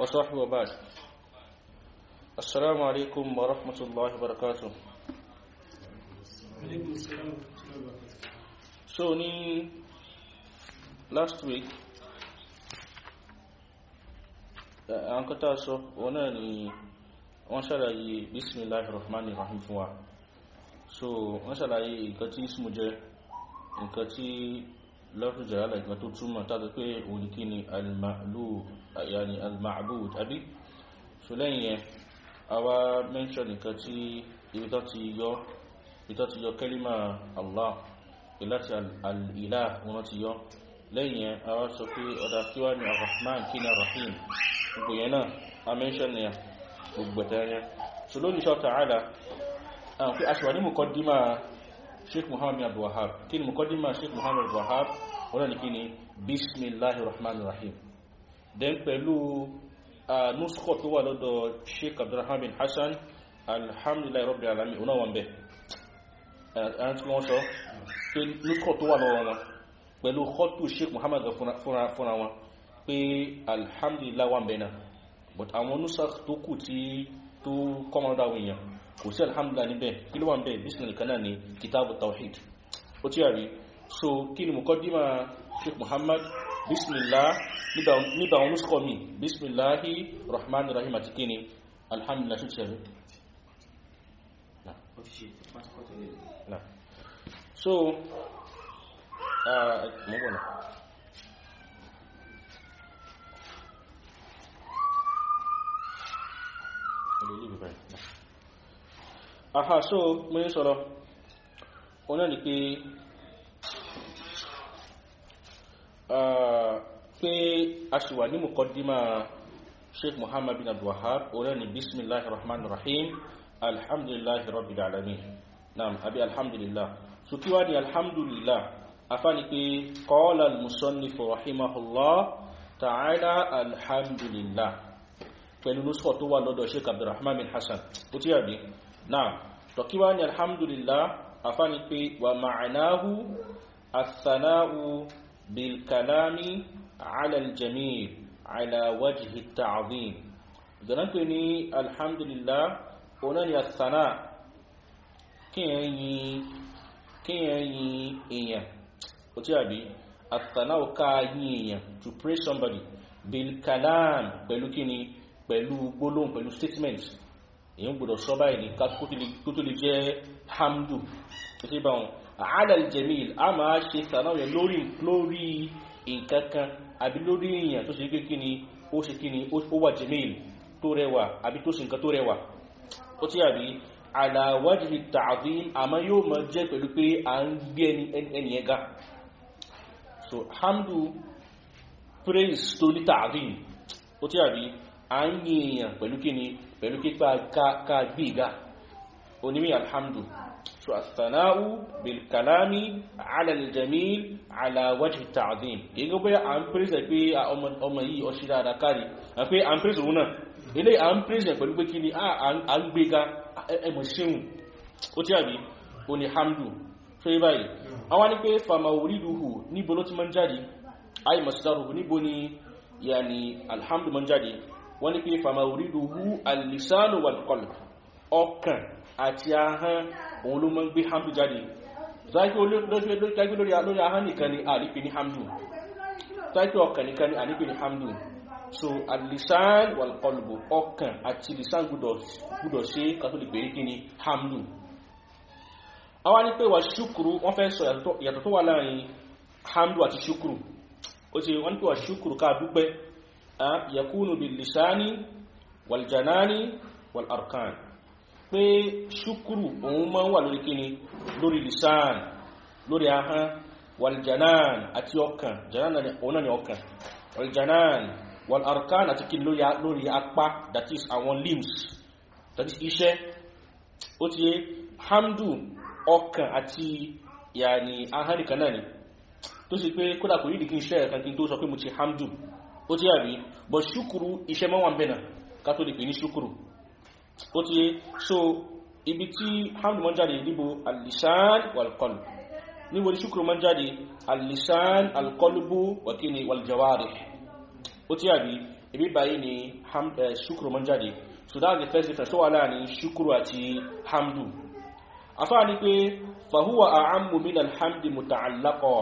وصحبه وبعد السلام عليكم ورحمة الله وبركاته So ní last week àwọn kọta sọ wọn náà ni wọ́n ṣàlàyé bismillahir rahmanir rahim fún wa so wọ́n ṣàlàyé nǹkan tí ismu jẹ́ nǹkan tí lọ́rùn jàrálà ìgbà tó túmọ̀ tàbí pé òun kí ni al-ma'bud àbí so lẹ́yìn yẹn a wá mẹ́ṣọ́ nìkan tí ibi tó ti yọ kẹ́límà allah ìláti al'ilá wọn ti yọ lẹ́yìn yẹn a wá sọ pé ọ̀dá kí wá ní arahman kí ní rahim gbogbo yẹn náà a mẹ́ṣọ́ sheikh muhammad abdullahab kí ni mọ̀kọ́dímà sheikh muhammad abdullahab wọ́n ni kí ni bismillahir rahmanir rahim den pẹ̀lú nuskọ̀ tó wà lọ́dọ̀ sheikh abdulrahman bin hassan alhamdulillah rabbi alamin ọ̀nà wọn bẹ̀ ẹran tí wọ́n sọ pé nuskọ̀ tó wà lọ́wọ́ wọn pẹ̀lú kọ́tù sheikh muhammad fúnra wọn pé alhamdulillah wọn bẹ̀ náà but àwọn nusak tó kù tí tó kọ́mọ́dá wọn yẹn kò sí alhamdulillah níbẹ̀ kí ló wà ń bẹ̀ bismillah kanáà ni kitabu tawhid ó tí a so kí ni mukaddima sheikh muhammad bismillah nígbà wọn lóṣùkọ́ mi bismillahi rahman rahim àti kí ni alhamdulillah sheikh oh, sẹ́rẹ̀ so mọ́gbọ̀nà Thank you aha so mo ń sọ̀rọ̀ o náà ni pé ah, pé a ṣì wà ní mọ̀kọ́dímà sheikh muhammad bin abdul wahab o náà ni bismillah rahman rahim alhamdulillah rabbil alamin naam abi alhamdulillah so kí wá ní alhamdulillah afá ni pé qala al-musannif rahimahullah ta'ala alhamdulillah pẹ̀lú nuskhọ̀ tó wà lọ́dọ̀ sheikh abdulrahman bin hasan ó tí yà náà tọ́kíwá ní alhamdulillah afáni pé wà ma'anáhu asanáhu bilkalami alaljamil alawajhi ta'azim ìdáná pé ní alhamdulillah ọ̀nà ni asaná kíyàn yin èèyàn ó tí àbí asaná ò ká yin èèyàn to praise somebody bilkalam pẹ̀lú kíni pẹ̀lú gbólóhùn pẹ̀lú statement èyàn gbọ́dọ̀ sọ báyìí ní kó tó lè jẹ́ hamdu tó sì bá wọn alal jamil a máa ṣe sànáwẹ̀ lórí lórí ìkankan àbí lórí èèyàn tó ṣe pé kí ni ó ṣe kí ni ó wà jamil tó rẹwà àbí tó ṣe nǹkan tó rẹwà ó ti àbí ala wajhi ta'zim àmọ́ yóò máa jẹ́ pẹ̀lú pé à ń gbé ẹni ẹ̀ga so hamdu praise tó ní ta'zim ó ti àbí à ń yin èèyàn pẹ̀lú kí ni pẹ̀lú pípa ká gbíga onímí alhamdu so àtànáwú bilkalami alaljamil alawaji ta'zim gẹ́gẹ́ pé a ń pèsè pé ọmọ yìí ọṣí dáadáa kárí a pé a ń pèsè òun náà ilé a ń pèsè pẹ̀lú pé kí ni a ń gbéga ẹmọ̀ ṣeun ó tí àbí o ni hamdu ṣe báyìí àwọn ni pé famawuriduhu níbo ló ti mọ́ jáde wọ́n ní pé famawuriduhu al-lisanu wal-qalb ọkàn àti ahán òun ló mọ́ ń gbé hamdu jáde záyé lórí ahán nìkan ni àrípé ní hamdu záyé ọkàn nìkan ni àrípé ní hamdu so al-lisan wal-qalb ọkàn àti lisan gbúdọ̀ ṣe kátólì pé kí ni hamdu àwọn ni pé wà ṣúkúrú wọ́n fẹ́ sọ yàtọ̀ tó wà láàrin hamdu àti ṣúkúrú ó ti wọ́n ni pé wà ṣúkúrú ká dúpẹ́ yakunu bil lisani wal janani wal arkan pé ṣúkúrù òun máa ń wà lórí kíni lórí lisan lórí ahán wal janan àti ọkàn janan òun náà ni ọkàn wal janan wal arkan àti kíni lórí apá that is àwọn limbs that is iṣẹ́ ó ti hamdu ọkàn àti yàní ahán ni tó sì pé kódà kò rí ìdíkí iṣẹ́ ẹ̀kan kí n tó sọ pé mo ti hamdu ó ti àbí bọ̀ ṣúkúrú iṣẹ́ mọ́wàá bẹ̀nà kátó lè pè ní ṣúkúrú ó ti yé so ibi tí hamdu mọ́ jáde níbo alisan walqalb níbo ni ṣúkúrú mọ́ jáde alisan alqalbu wakini waljawarih ó ti àbí ibi báyìí ni eh, ṣúkúrú mọ́ jáde so that's the first difference tó wà láàrin ṣúkúrú àti hamdu afáà ni pé fahuwa a'ammu min alhamdi muta'allaqa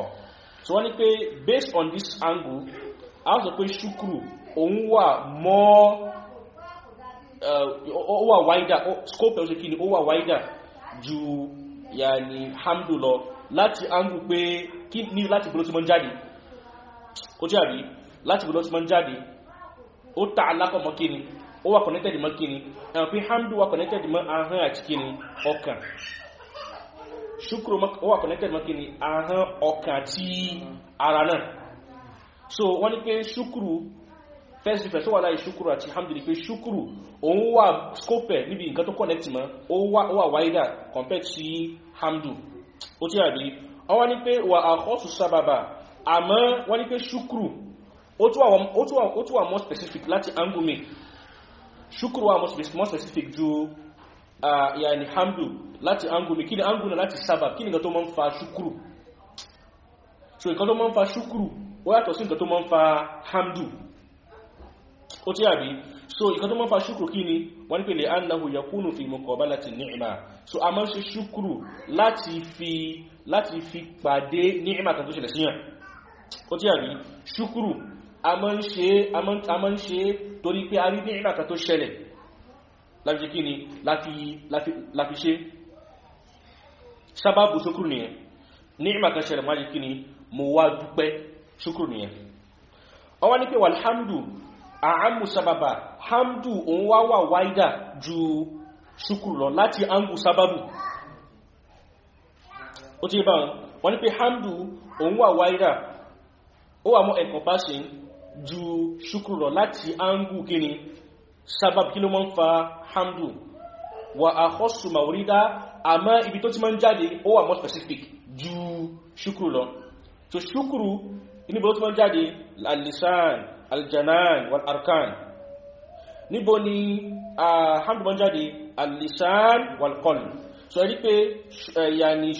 so wọ́n ni based on this angle a sọ pé ṣúkúrù òun wà mọ́ ó wà wáídà scope ẹ̀ṣẹ́ kìíní ó wà wáídà ju yàní hamdu lọ láti angu pé kí ní láti bọ́lọ́ tí mọ́ jáde ó jẹ́ àbí láti bọ́lọ́ tí mọ́ jáde ó ta alákọ̀ mọ́ kíni ó wà connected mọ́ kíni ẹ̀wọ̀n pé hamdu wà connected mọ́ ahọ́n àti kíni ọkàn ṣúkúrù ó wà connected mọ́ kíni ahọ́n ọkàn àti ara náà so wọ́n ní pé ṣúkúrù first difference ó wà láì ṣúkúrù àti hamdulillah pé ṣúkúrù òun wà scope níbi nǹkan tó connect mọ́ ó wà wider compared to hamdu ó tí àbí wọ́n ní pé wà àkọ́sù sábàbà àmọ́ wọ́n ní pé ṣúkúrù ó tún wà more specific láti angle mi ṣúkúrù wà more specific ju Uh, yani hamdu láti angumi kí ni anguna láti sábàb kí ni nǹkan tó máa ń fa ṣúkúrù so nǹkan tó máa ń fa ṣúkúrù ó yàtọ̀ sí nǹkan tó máa ń fa hamdu ó tí àbí so nǹkan tó máa ń fa ṣúkùrù kí ni wọ́n ní pé lè annahu yakunu fi muqabalati ni'ma so a máa ń ṣe ṣúkùrù láti fi láti fi pàdé ni'ma kan tó ṣẹlẹ̀ síyàn ó tí àbí ṣúkùrù a máa ń ṣe a máa ń ṣe torí pé a rí ni'ma kan tó ṣẹlẹ̀ láti ṣe ni mo wá dúpẹ́ ṣúkúrù ni wọ́n wá ní pé walhamdu àámù sábàbà hamdu òun wá wà wáídà ju ṣúkúrù lọ láti angu sababu ó ti bá wọ́n ní pé hamdu òun wà wáídà ó wà mọ́ encompassing ju ṣúkúrù lọ láti angu kíni sababu kí ló mọ́ ń fa hamdu wà àkọ́sù màwúrídá àmá ibi tó ti máa ń jáde ó wà more specific ju ṣúkúrù lọ so ṣúkúrù níbo tí wọ́n jáde alisan aljanan wal arkan níbo ni hamdu wọ́n jáde alisan wal qalb so ẹ̀rí pé yàní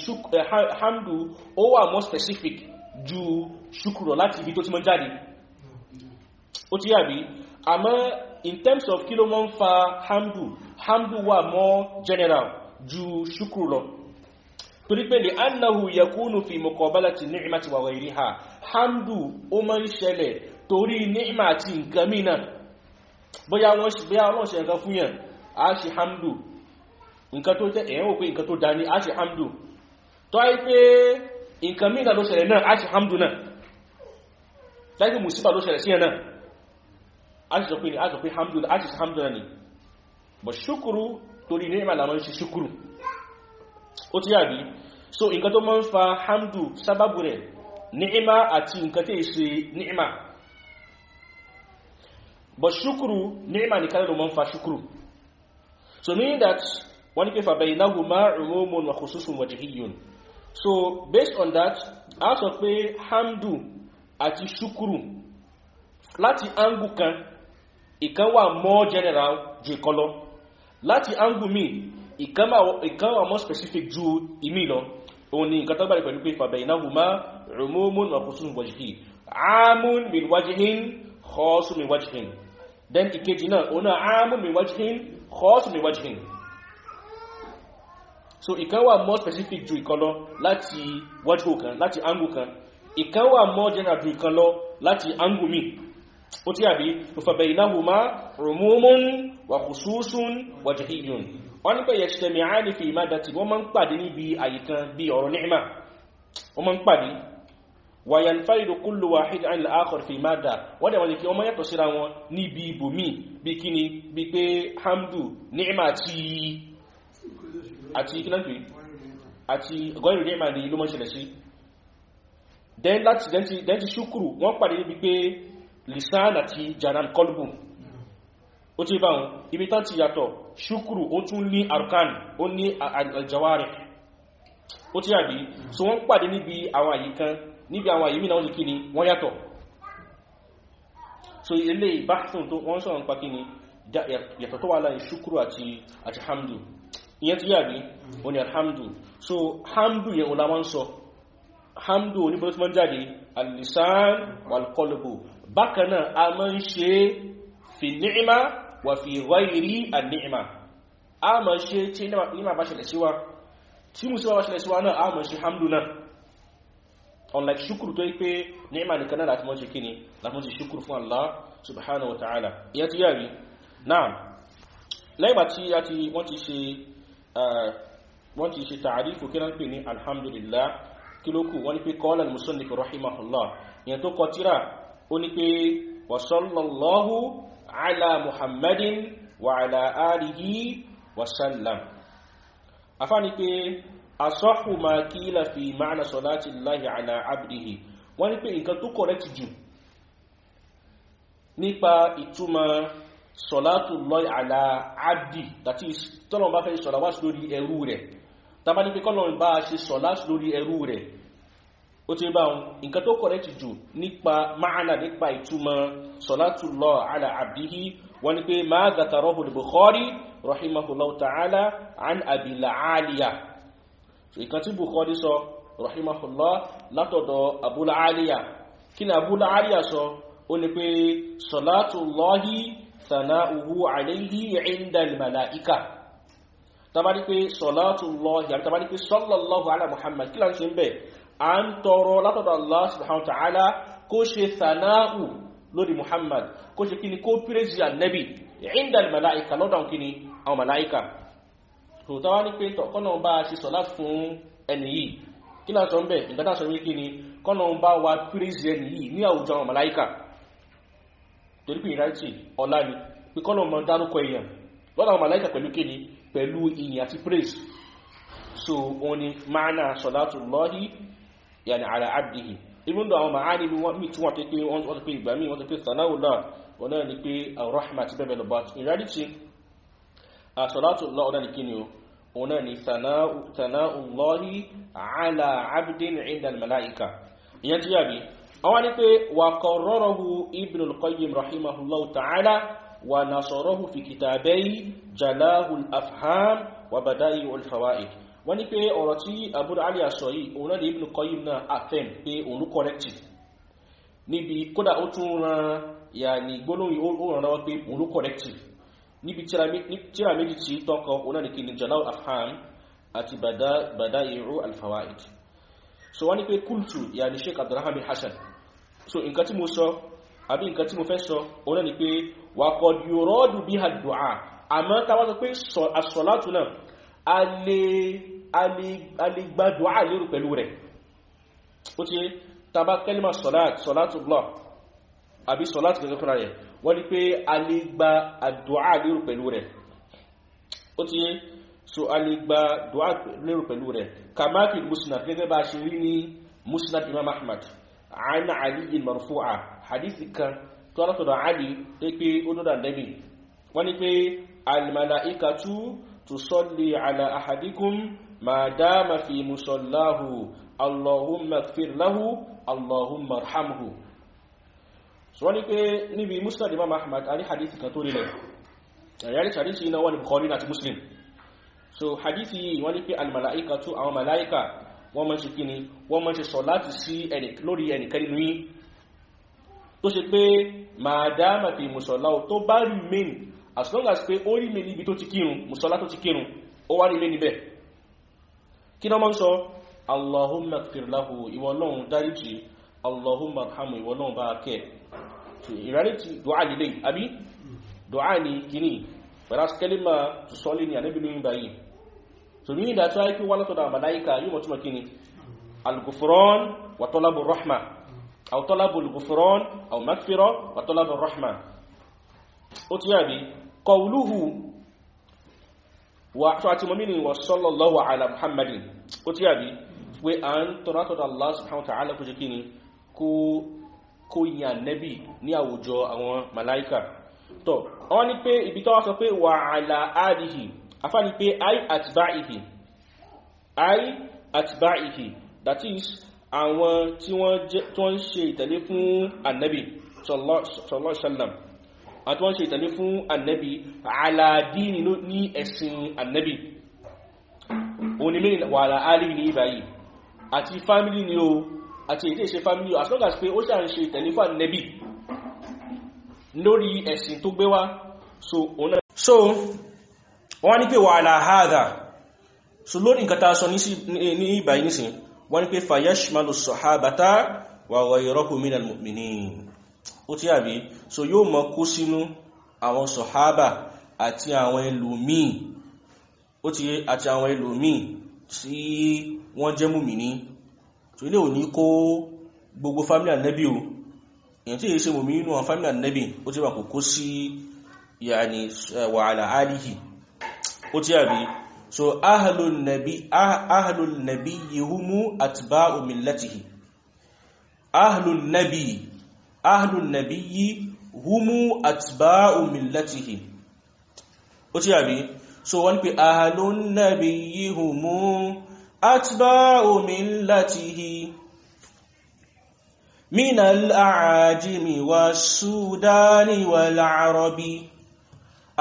hamdu ó wà more specific ju ṣukurọ̀ láti ibi tó ti mọ́ jáde ó ti yàbí àmọ́ in terms of kí ló mọ́ ń fa hamdu hamdu wà more general ju ṣukurọ̀ torí pé ní annahu yakunu fi muqabalati ni'mati wa ghayriha hamdu ó máa ń ṣẹlẹ̀ torí ni'ma àti nǹkan míì náà bóyá wọ́n ṣe bóyá wọ́n ṣe nǹkan fún yàn á ṣe hamdu nǹkan tó jẹ́ èèyàn wò pé nǹkan tó da ni á ṣe hamdu tó ayé pé nǹkan míì náà ló ṣẹlẹ̀ náà á ṣe hamdu náà láì musiba ló ṣẹlẹ̀ sí yàn náà á ṣe sọ pé ni á ṣe hamdu náà ni bọ̀ ṣukuru torí ni'ma làwọn ṣe ṣukuru ó ti yàbí so nǹkan tó máa ń fa hamdu sábàbù rẹ̀ ni'ima àti nǹkan tí èsè ni'ima but ṣúkúrú ni nìkan ló máa ń fa ṣúkúrú so meaning that wọ́n ní pé fa baynahuma umumun wa khususun wajhiyun so based on that a sọ pé hamdu àti ṣúkúrú láti angu kan ìkan wà more general jù ìkan láti angu míì ìkan wà more specific ju ìmí lọ òun ni nǹkan tó gbàdé pẹ̀lú pé fàbẹ̀ ìnáhùn má rùmúmún ọkùnsùn wàjìhì ámún mi wájìhìn kọ́ọ̀sùn mi wájìhìn then ìkejì náà òun náà ámún mi wájìhìn kọ́ọ̀sùn mi wájìhìn so ìkan wà more specific ju ìkan lọ láti wájú kan láti angle kan ìkan wà more general ju ìkan lọ láti angle mi ó tí àbí fàbẹ̀ ìnáhùn má rùmúmún wàkùsùsùn wàjìhìn wọ́n ní pé yẹ̀ṣẹ̀mì àánìfì ìmádàtì wọ́n máa ń pàdé níbi àyíkan bí ọ̀rọ̀ ní'mà wọ́n máa ń pàdé wàyàn fáìdò kúlù wà hìdí àìlà àkọ̀rọ̀ fi máa dà wọ́n dẹ̀ wọ́n jẹ́ kí wọ́n yàtọ̀ síra wọn níbi ibòmí bí kíni bí pé hamdu ní'mà àti àti kínápé àti gọ́ìrù ní'mà ni ló mọ́ ṣẹlẹ̀ sí dẹ́n láti dẹ́n ti ṣúkúrù wọ́n pàdé níbi pé lisan àti janan kolbu ó tí bá wọn ibi tán ti yàtọ̀ ṣúkúrù ó tún ní arkan ó ní aljawari ó tí àbí so wọ́n pàdé níbi àwọn àyí kan níbi àwọn àyí mìíràn ó ti kí ni wọ́n yàtọ̀ so ilé ìbáṣùn tó wọ́n sọ̀rọ̀ nípa kí ni yàtọ̀ tó wà láì ṣúkúrù àti hamdu so hamdu yẹn ọlá hamdu oníbọ̀lọ́ tí wọ́n jáde alisan walqolbu bákan náà a wa fi ghairi an-ni'ma a ma ṣe tí níma bá ṣẹlẹ̀ síwá tí musulma bá ṣẹlẹ̀ síwá náà a ma ṣe hamdu náà unlike shukuru tó yí pé ni'ma nìkan náà láti mọ́ ṣe kí ni láti mọ́ ṣe shukuru fún Allah subhanahu wa ta'ala iya ti yari náà lẹ́gbà tí a ti wọ́n ti ṣe wọ́n ti ṣe ta'arifu kí náà pè ní alhamdulillah kí ló kù qala al-musannif rahimahullah ìyẹn tó kọ tíra ó ní wa sallallahu ala muhammadin wa ala alihi wa sallam afani pé asahu ma kila fi ma'na salati llahi ala abdihi wọ́n ní pé nǹkan tó correct jù nípa ìtumọ̀ salatu llahi ala abdi that is tọ́lọ̀ bá fẹ́ sọ̀lá wá sí lórí ẹrú rẹ̀ tàbá ní pé kọ́lọ̀ bá ṣe sọ̀lá lórí ẹrú rẹ̀ ó ti bá wọn nǹkan tó correct jù nípa ma'ana nípa ìtumọ̀ salatullah ala abdihi wọ́n ní pé ma zakarahu al-bukhari rahimahullahu ta'ala an abi la'aliya ìkan tí bukhari sọ rahimahullah látọ̀dọ̀ abu la'aliya kí ni abu la'aliya sọ ó ní pé salatullahi sana'uhu alayhi inda al-mala'ika tabari pé salatullahi tabari sallallahu ala muhammad kí la ń ṣe ń bẹ́ẹ̀ à ń tọrọ látọ̀dọ̀ Allah subhanahu wa ta'ala kó ṣe sana'u lórí Muhammad kó ṣe kíni kó pírẹ́jì ànẹ́bì ìndà màláìka lọ́dọ̀ kíni àwọn màláìka tòótọ́ wá ní pé kọ́nà bá a ṣe sọ̀lá fún ẹni yìí kí náà sọ ń bẹ̀ ìgbádà sọ wí kíni kọ́nà bá wa pírẹ́jì ẹni yìí ní àwùjọ àwọn torí ni pé kọ́nà mọ dárúkọ èèyàn so òun ni máa náà sọ̀lá yàní àrà àdìhì even though àwọn màá nínú wọn tí wọ́n ti pé wọ́n ti pé ìgbà míì wọ́n ti pé sanáwó náà wọ́n náà ni pé arahma ti bẹ́ẹ̀ lọ́bà in reality àsọ̀látò lọ́wọ́ náà ni kí ni o òun náà ni sanáwó lọ́rí àlà abdin indan malaika ìyẹn ti yàbí àwọn ni pé wà kọ̀rọ̀rọ̀hu ibn al-qayyim rahimahullahu ta'ala wà nasọ̀rọ̀hu fi kìtàbẹ́yì jalahul afham wà bàdáyì olfawaid wọ́n ní pé ọ̀rọ̀ tí àbúrò alì àsọ yìí òun náà lè Ibn Qayyim náà àfẹ́m pé òun ló corrected níbi kódà ó tún ran yàní gbólóhùn ó ràn lọ́wọ́ pé òun ló corrected níbi tíra méjì tí tọ́kọ òun náà ní kí ni Jala'ul Afham àti Bada'i'u al-Fawaid so wọ́n ní pé kultu yàní Sheikh Abdurrahman bin Hasan so nǹkan tí mo sọ àbí nǹkan tí mo fẹ́ sọ òun náà ní pé wa qad yuradu biha ad-du'a àmọ́ táwọn sọ pé as-salatu náà a lè a lè gbádùn à lérò pẹ̀lú rẹ̀ ó ti tàbá kẹ́lìmà sọ̀látù blọ́ àbí sọ̀látù gẹ́gẹ́ fúnra rẹ̀ wọ́n ní pé a lè gba àdùá lérò pẹ̀lú rẹ̀ ó ti so a lè gba àdùá lérò pẹ̀lú rẹ̀ kàmáàkì musnad gẹ́gẹ́ bá ṣe rí ní musnad imam ahmad ana aliyin marfu'a hadisi kan tó alátọ̀dọ̀ ali pé pé ó dọ́dà nẹ́bì wọ́n ní ما دام في مصلاه اللهم اغفر له اللهم ارحمه so ní pé níbi muslim imam ahmad ari hadithi kan tó rílẹ̀ yari tarihi iná wani bukhari na muslim so hadithi yìí wọ́n ní pé almalaika tó àwọn malaika wọ́n mọ́ ṣe kíni wọ́n mọ́ ṣe sọ láti sí lórí ẹnìkan nínú yín tó ṣe pé ma dáma fi musọ́lá tó bá remain as long as pé ó rí mi níbi tó ti kírun musọ́lá tó ti kírun ó wá rí mi níbẹ̀ kí náà mọ́ ń sọ allahumma firlahu ìwọ náà dáríjì allahumma arhamu ìwọ náà bá kẹ́ ìrẹ́rìtì dùá lílé àbí dùá ní gini pẹ̀lá skẹ́límà tó sọ́lé ní àdébìnrin báyìí so ní ìdájọ́ aiki wọ́n látọ̀dọ̀ àmàláìka yóò mọ̀ túnmọ̀ kíni al wa tó àti mọ́mí wa sallallahu ala muhammadin ó tí àbí pé a ń tọ́rọ àtọ́dọ̀ allah subhanahu wa ta'ala kó jẹ́ kí ni kó yà nẹ́bì ní àwùjọ àwọn malaika tọ́ wọ́n ni pé ibi tọ́wọ́ sọ pé wà ala alihi afá ni pé ai atba'ihi ai atba'ihi that is àwọn tí wọ́n ń ṣe ìtẹ̀lé fún annabi sallallahu alaihi wasallam àti wọ́n ṣe ìtẹ̀lé fún annabi aladini ní ẹ̀sìn annabi onímìnì wà láàrí ní ìbáyìí àti fámílì ni o àti èdè ìṣe fámílì as long as pé ó ṣàn ṣe ìtẹ̀lé fún annabi lórí ẹ̀sìn tó gbé wá so wọ́n ní pé wà láàádà so lórí nǹkan ta sọ fayashmalu sahabata wa ghayruhum minal mu'minin ó tí àbí so yóò mọ kó sínú àwọn sọ̀hábà àti àwọn ẹlòmíì ó ti àti àwọn ẹlòmíì tí wọ́n jẹ́ mùmìní tó ilé ò ní kó gbogbo family ànábì o èyàn tí èyí ṣe mùmìní nínú àwọn family ànábì ó ti wà kò kó sí yàní wàhálà àríhì ó ti àbí so ahlul nabi ah, ahlul nabi yahumu atba'u millatihi ahlul nabi ahlul nabi yìí humu atba'u millatihi ó ti àbí so wọ́n pè ahalun nabiyyi humu atba'u millatihi min al'ajimi wa sudani wal arabi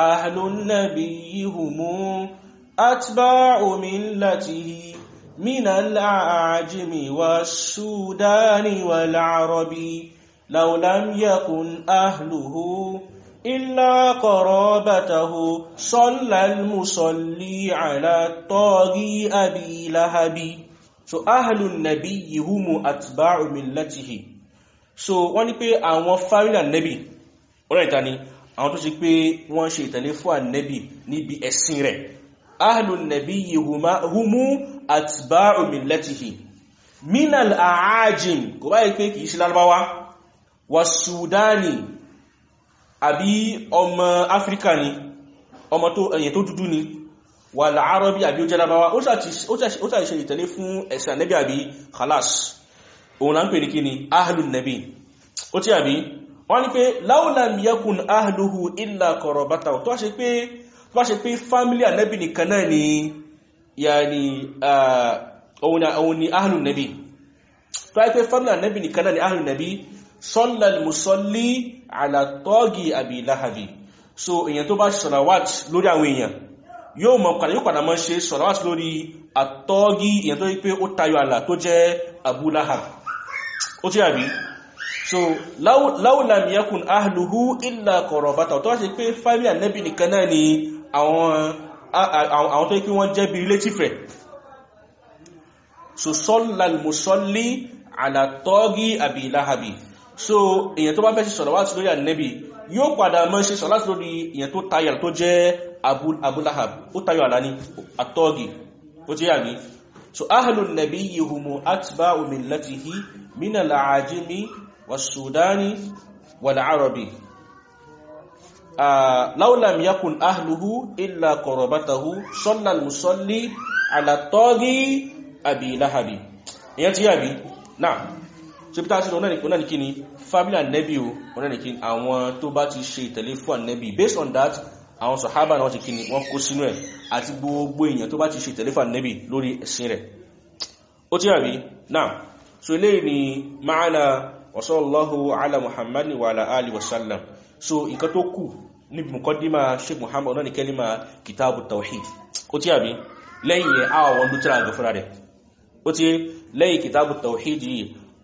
ahalun nabiyyi humu atba'u millatihi min al'ajimi wa sudani wal arabi لو لم يكن أهله إلا قرابته صلى المصلي على الطاغي أبي لهب so ahlun nabiyyi humu atba'u millatihi so wọ́n ní pé àwọn fámílì ànẹ́bì ọ̀rẹ́ ìta ni àwọn tó ṣe pé wọ́n ṣe ìtẹ̀lé fún ànẹ́bì níbi ẹ̀sìn rẹ̀ ahlun nabiyyi humu atba'u millatihi minal aajim kò báyìí pé kìí ṣe lárúbáwá wa sudani àbí ọmọ áfíríkà ni ọmọ tó ẹ̀yẹ̀ tó dúdú ni wà láàárọ́bí àbí ó jẹ́lábáwá ó sàṣe ìtẹ̀lé fún ẹ̀sìn ànẹ́bí àbí khalas òun là ń pè ní kí ni ahlun nabi ó tí àbí wọ́n ní pé láúlam yakun ahluhu illa kọ̀rọ̀bátà tó wá ṣe pé tó wá ṣe nìkan náà ni yàní òun ni ahlun nabi tó wá ṣe pé fámílì ànẹ́bí nìkan náà ni ahlun sọ́lá mùsọ́lí àlàtọ́gì àbí láhàbì so èyàn tó bá sọ̀ràwàt lórí àwọn èèyàn yóò mọ̀ padà yóò padà mọ́ ṣe sọ̀ràwàt lórí àtọ́gì èyàn tó rí pé ó tayọ àlà tó jẹ́ abúláhà so láwùlà miyakun ahluhu illa so so èyàn tó bá fẹ́ sí sọ̀làwátì lórí ànẹ́bì yóò padà mọ́ sí sọ̀làwátì lórí èyàn tó tayà tó jẹ́ Abu Lahab ó tayọ àlá ní àtọ́gì ó jẹ́ àmì so ahlun nabiyyi humu atba'u millatihi minal ajami was-sudani wal-arabi ah, law lam yakun ahluhu illa qarabatahu salla al so bí táàsì ọ̀nà nìkí ni family and nebi o ọ̀nà nìkí àwọn tó bá ti ṣe ìtẹ̀lé fún and based on that àwọn sọ̀hábà náà ti kí ni wọ́n kó sínú ẹ̀ àti gbogbo èèyàn tó bá ti ṣe ìtẹ̀lé fún and nebi lórí ẹ̀sìn rẹ̀ ó ti rà rí náà so ilé ni ma'ana wasallahu ala muhammadu wa ala ali wasallam so nǹkan tó kù níbi mọ̀kọ́dímà sheikh muhammad náà ni kẹ́límà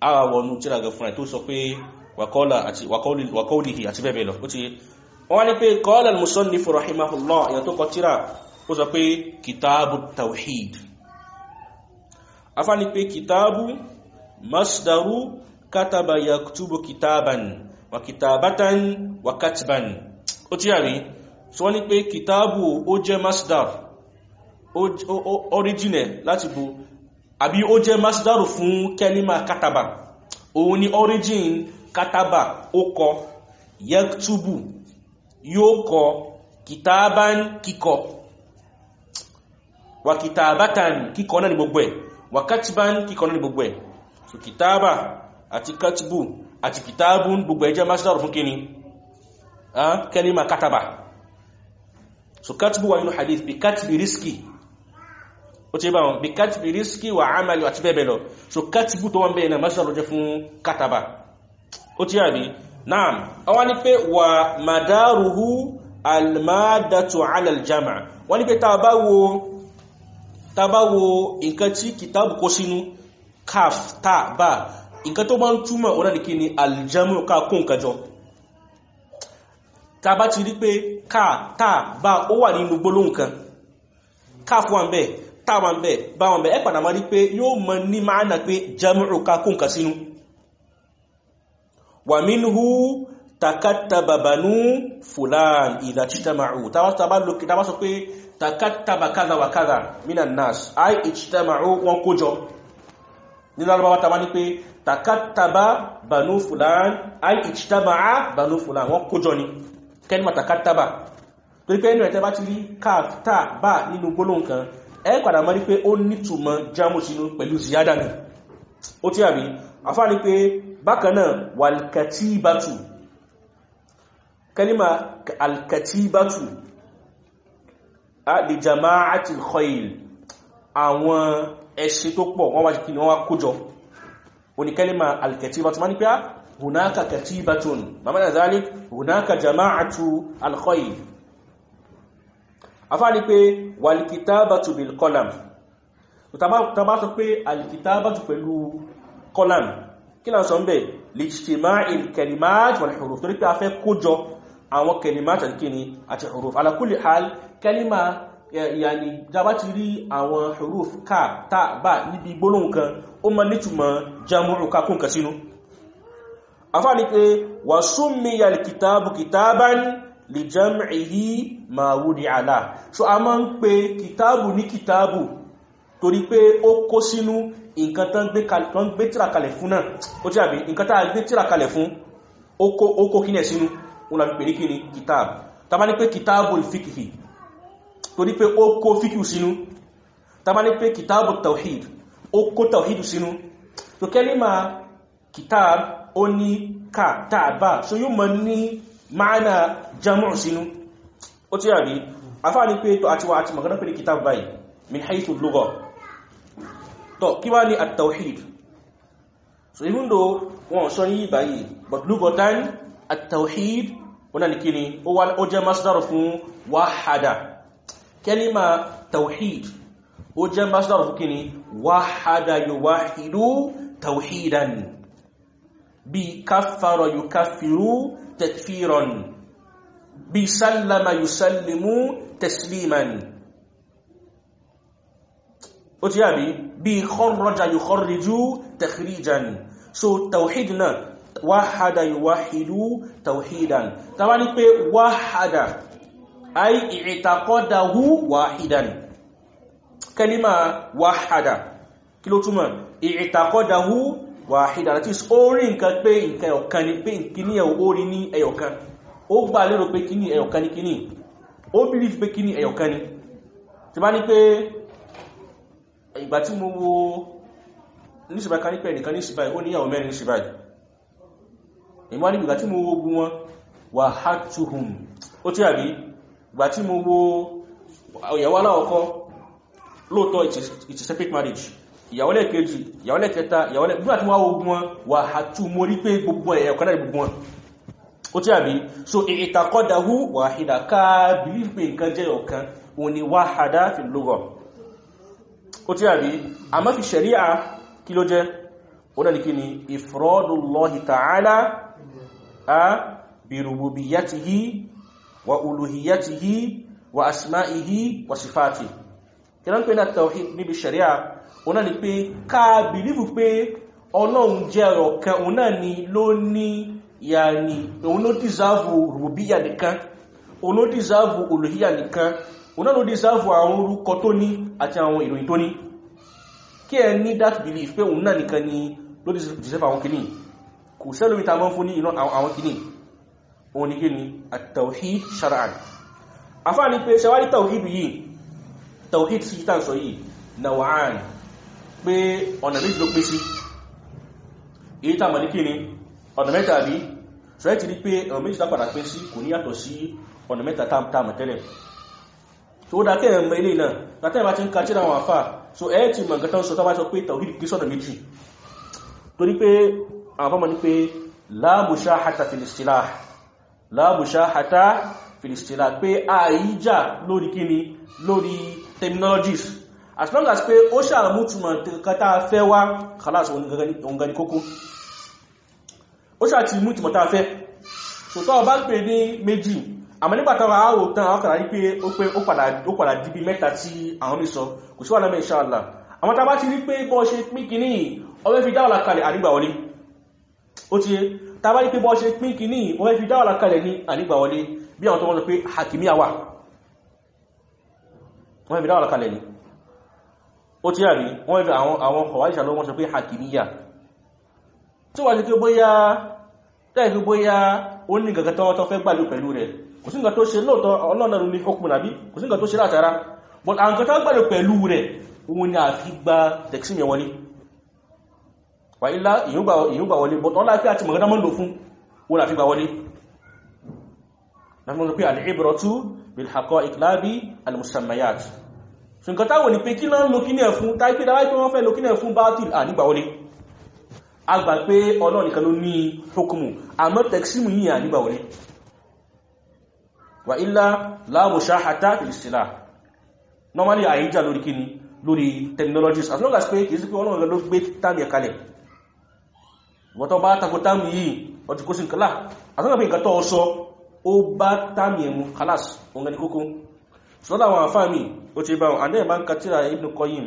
àwa wọnú tíra gan fúnra tó sọ pé wàkọ́ọ̀lìhì àti bẹ́ẹ̀ lọ ó ti wọ́n ní pé qala al-musannifu rahimahullah èyàn tó kọ tíra ó sọ pé kìtàbù tawhid afá ní pé masdaru kataba yaktubu kitaban wa kitabatan wa katban ó ti yàrí so wọ́n ní pé kìtàbù ó jẹ́ masdar origin láti bu àbí ó jẹ́ masdaru fún kẹ́límà kataba òun ni origin kataba ó kọ yaktubu yóò kọ kitaban kíkọ wa kitabatan kíkọ náà ni gbogbo ẹ̀ wa katiban kíkọ náà ni gbogbo ẹ̀ so kitaba àti katibu àti kitabun gbogbo ẹ̀ jẹ́ masdaru fún kíni ah, kẹ́límà kataba so katibu wà nínú hadith bí katibi risky ó ti bá wọn bí katibi risiki wà amali àti bẹ́ẹ̀ lọ so katibu tó wọ́n bẹ́ẹ̀ náà masdar ló jẹ́ fún kataba ó ti àbí naam àwọn ni pé wà madaruhu almadatu ala aljama wọ́n ni pé tá wo tá wo nǹkan tí kitabu kó sínú kaf ta ba nǹkan tó bá ń túmọ̀ ọ̀nà ní kí ni aljamu ká kó nǹkan jọ tá bá ti rí pé ká ta ó wà nínú gbólóhùn kan káf wà bẹ́ẹ̀ táwọn bẹ̀ báwọn bẹ̀ ẹ padà máa rí pé yóò mọ ní máa nà pé jam'u ká kó nǹkan sínú wa minhu takattaba banu fulan idha ijtama'u tábà sọ pé takattaba kaza nas ai ijtama'u wọn kójọ nínú alábáwá tàbá ní pé takattaba banu fulan ai ijtama'a banu fulan wọn kójọ ni kẹ́ni ma takattaba torí pé ẹnu ẹ̀tẹ́ bá ti rí káàtà bá nínú gbólóhùn ẹ padà mọ́ ní pé ó nítumọ̀ jámù sínú pẹ̀lú ziyada ni ó tí àbí afá ní pé bákanáà wà alkatibatu kalima alkatibatu a lè jama'atil khoil àwọn ẹṣin tó pọ̀ wọ́n wá jẹ́ kí ni wọ́n wá kójọ oníkẹ́lẹ́mà alkatibatu ma ní pé ah, hunaka katibatun mamana hunaka jama'atu alkhoil afá ní pé wàlìkìtàbàtù bil kọlam tàbá sọ pé alìkìtàbàtù pẹ̀lú kọlam kí náà sọ ń bẹ̀ lìṣtìmá ìkẹlìmáàtì wal huruf torí pé a fẹ́ kójọ àwọn kẹlìmáàtì àti kíni àti huruf ala kulli hal kẹlìmá yàní jábá ti rí àwọn huruf ká tá bá níbi gbólóhùn kan ó mọ nítumọ̀ jamuru kakún kan sínú afá pé wà súnmi yàlìkìtàbù lè jẹ́mì yí ma wú ní àlá so a máa ń pe kìtàbù ní kìtàbù torí pé ó kó sínú nǹkan tán gbé tíra kalẹ̀ fún náà ó jẹ́ àbí nǹkan tán gbé tíra kalẹ̀ fún ó kó kílẹ̀ sínú wọn láti pè ní kí ni kìtàbù tàbá ní pé kìtàbù fíkìfì torí pé ó kó so yóò mọ ní ma'ana jamu'u sínú ó tí àbí afá ní pé tó àti wà àti magana pẹ̀lú kitab báyìí min haithu lugha tó kí at-tawhid so even though wọn sọ ní báyìí but lughatan at-tawhid wọn ni kíni ó jẹ́ masdar fún wahada kelima tawhid ó jẹ́ masdar fún kíni wahada yuwahidu tawhidan bí kaffara yukaffiru تكفيرا بيسلم يسلم تسليما وتيابي بيخرج يخرج تخريجا so tawhid náà wáhada yuwahidu tawhidan ta wá ní pé wáhada ay i'taqadahu wahidan kalima wáhada kí ló túmọ̀ i'taqadahu wàhídà that is ó rí nǹkan pé nǹkan ẹ̀ọ̀kan ni pé kíní ẹ̀ ó rí ní ẹ̀ọ̀kan ó gbà lérò pé kíní ẹ̀ọ̀kan ni kíní ó believe pé kíní ẹ̀ọ̀kan ni tí bá ní pé ìgbà tí mo wo níṣìbá kan ní pé ẹnìkan níṣìbá ó níyàwó mẹ́rin níṣìbá ìmọ́ ní ìgbà tí mo wo ogun wọn wà hátùhùn ó tí àbí ìgbà tí mo wo ìyàwó aláwọ̀kọ́ lóòótọ́ it's a ìyàwólẹ̀ kejì ìyàwólẹ̀ kẹta ìyàwólẹ̀ nígbà tí wọ́n ogun wọn wà hàtú mórí pé gbogbo ẹ̀ẹ̀kan náà gbogbo wọn ó tí àbí so ìtàkọ́dáhù wàhídà káàbìlì pé nǹkan jẹ́ ọ̀kan òun ni wàhádà fi lógọ̀ ó tí àbí àmọ́ fi ṣẹ̀ríà kí ló jẹ́ ó náà ni kí ni ìfrọ́dùlọ́hì tààlà a bìrùbùbìyàtìhì pè ní tawhid níbi ṣẹ̀ríà òun náà ni pé ká bìlífù pé ọlọ́run jẹ́ ọ̀rọ̀ kan òun náà ni ló ní yàní òun ló dìsáàfù rùbíyà nìkan òun ló dìsáàfù olùhíyà nìkan òun náà ló dìsáàfù àwọn orúkọ tó ní àti àwọn ìròyìn tó ní kí ẹ ní that belief pé òun náà nìkan ni ló dìsáàfù àwọn kìíní kò sẹ́lómi ta mọ́ fún ní àwọn kìíní òun ni gíní at-tawhid shara'an afá ni pé ṣe wá ní tawhid yìí sọ yìí nawa'an pé ọ̀nà méjì ló pín sí èyí tàbí ní kíni ọ̀nà mẹ́ta bí ṣẹ́rẹ́ ti rí pé ọ̀nà méjì tápàdà pín sí kò ní yàtọ̀ sí ọ̀nà mẹ́ta tààmù tẹ́lẹ̀ so ó dákẹ́ ẹ̀mọ ilé náà látẹ́yìn bá so ẹ̀ ti mọ̀ nǹkan tán sọ tábájọ pé tàwí kí sọ̀nà méjì torí la mushahata fil istilah la mushahata fil istilah pé àìjà lórí kíni lórí terminologies as long as pé ó ṣàmútùmọ̀ nǹkan tá a fẹ́ wá kàlás òǹgà ní kókó ó ṣàti mútùmọ̀ tá a fẹ́ sòtọ́ bá pè ní méjì àmọ́ nígbàtàwà àwòtán àwọn kàrà rí pé ó padà dìbí mẹ́ta tí àwọn mi sọ kò sí wà lọ́mọ ìṣàlá àwọn tàbá ti rí pé bọ́ ṣe pín kìíní ọwẹ́ fi dáwàlá kalẹ̀ ni ó tí àrí wọ́n ìgbà àwọn kọ̀wàíṣà ló wọ́n sọ pé hakimiyya tí wà ní kí bóyá tẹ́ẹ̀fí bóyá ó ní gẹ̀gẹ̀ tọ́wọ́tọ́ fẹ́ gbàlú pẹ̀lú rẹ̀ kò sí nǹkan tó ṣe lóòtọ́ ọlọ́nà ní okùn nàbí kò sí nǹkan pé al-ibratu bil haqa'iq la bi al-musammayat ṣùgbọ́n táwọn ní pé kí náà lo kíní ẹ̀ fún táìpé dáwà pé wọ́n fẹ́ lo kíní ẹ̀ fún báátìl ànígbà wọlé a gbà pé ọlọ́run nìkan ló ní hukumu àmọ́ tẹ̀símù yìí ànígbà wọlé wà ilá láàmù ìsìlá technologies as long as pé kìí sí pé ọlọ́run ló gbé tàbí ẹ̀kalẹ̀ wọ́tọ́ bá tako tàbí yìí ọtí kó sí nkàlá àtọ́nà pé nǹkan sọ́dá àwọn àfáà mi ó ti bá wọn àdé ìbá ń ka tíra Ibn Qayyim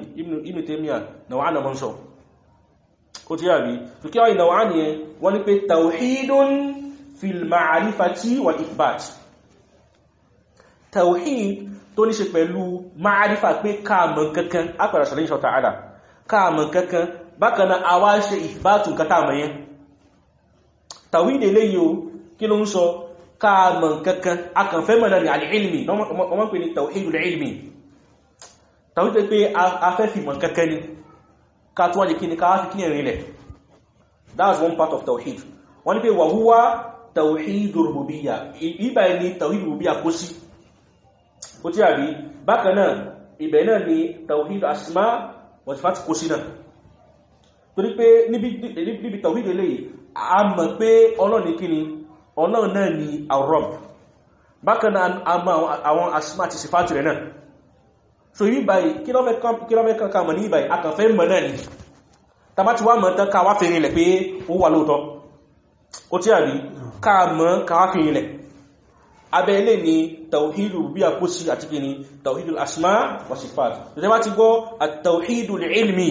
Ibn Taymiyyah náà wà nàmọ́ sọ ó ti yà rí tó kí wáyìí náà wà ní ẹ wọ́n ní pé tawhidun fil ma'arifati wa ithbat tawhid tó ní ṣe pẹ̀lú ma'arifa pé káàmù káàmọ̀ kankan akànfẹ́ mọ̀nà ní alìlmi ọmọ pè ní tàwíhìdù ilmi tàwídé pé afẹ́fìmọ̀ kankan ni ká tó wájé kí ni ká fi kí ní rìnlẹ̀ that's one part of tàwíhìdù wọ́n ni pé wà húwá tàwíhìdù rùbùbíyà ibà ni tàwíhìdù rùbùbíyà kó sí ó tí àrí bákan náà ibẹ̀ náà ni tàwíhìdù asma wa sifat kó sí ọlọ́run náà ni arọ́b bákan náà àwọn asma àti sifáàtì rẹ̀ náà so ibi báyìí kí lọ́fẹ́ kankan mọ̀ ní ìbáyìí akànfẹ́ mọ̀ náà ni tàbá ti wá mọ̀ tán káwá fi rinlẹ̀ pé ó wà lóòtọ́ ó tí àrí káà mọ̀ káwá fi rinlẹ̀ abẹ́ ilé ni tàwíhìdù bí a kó sí àti kí ni tàwíhìdù asma wa ilmi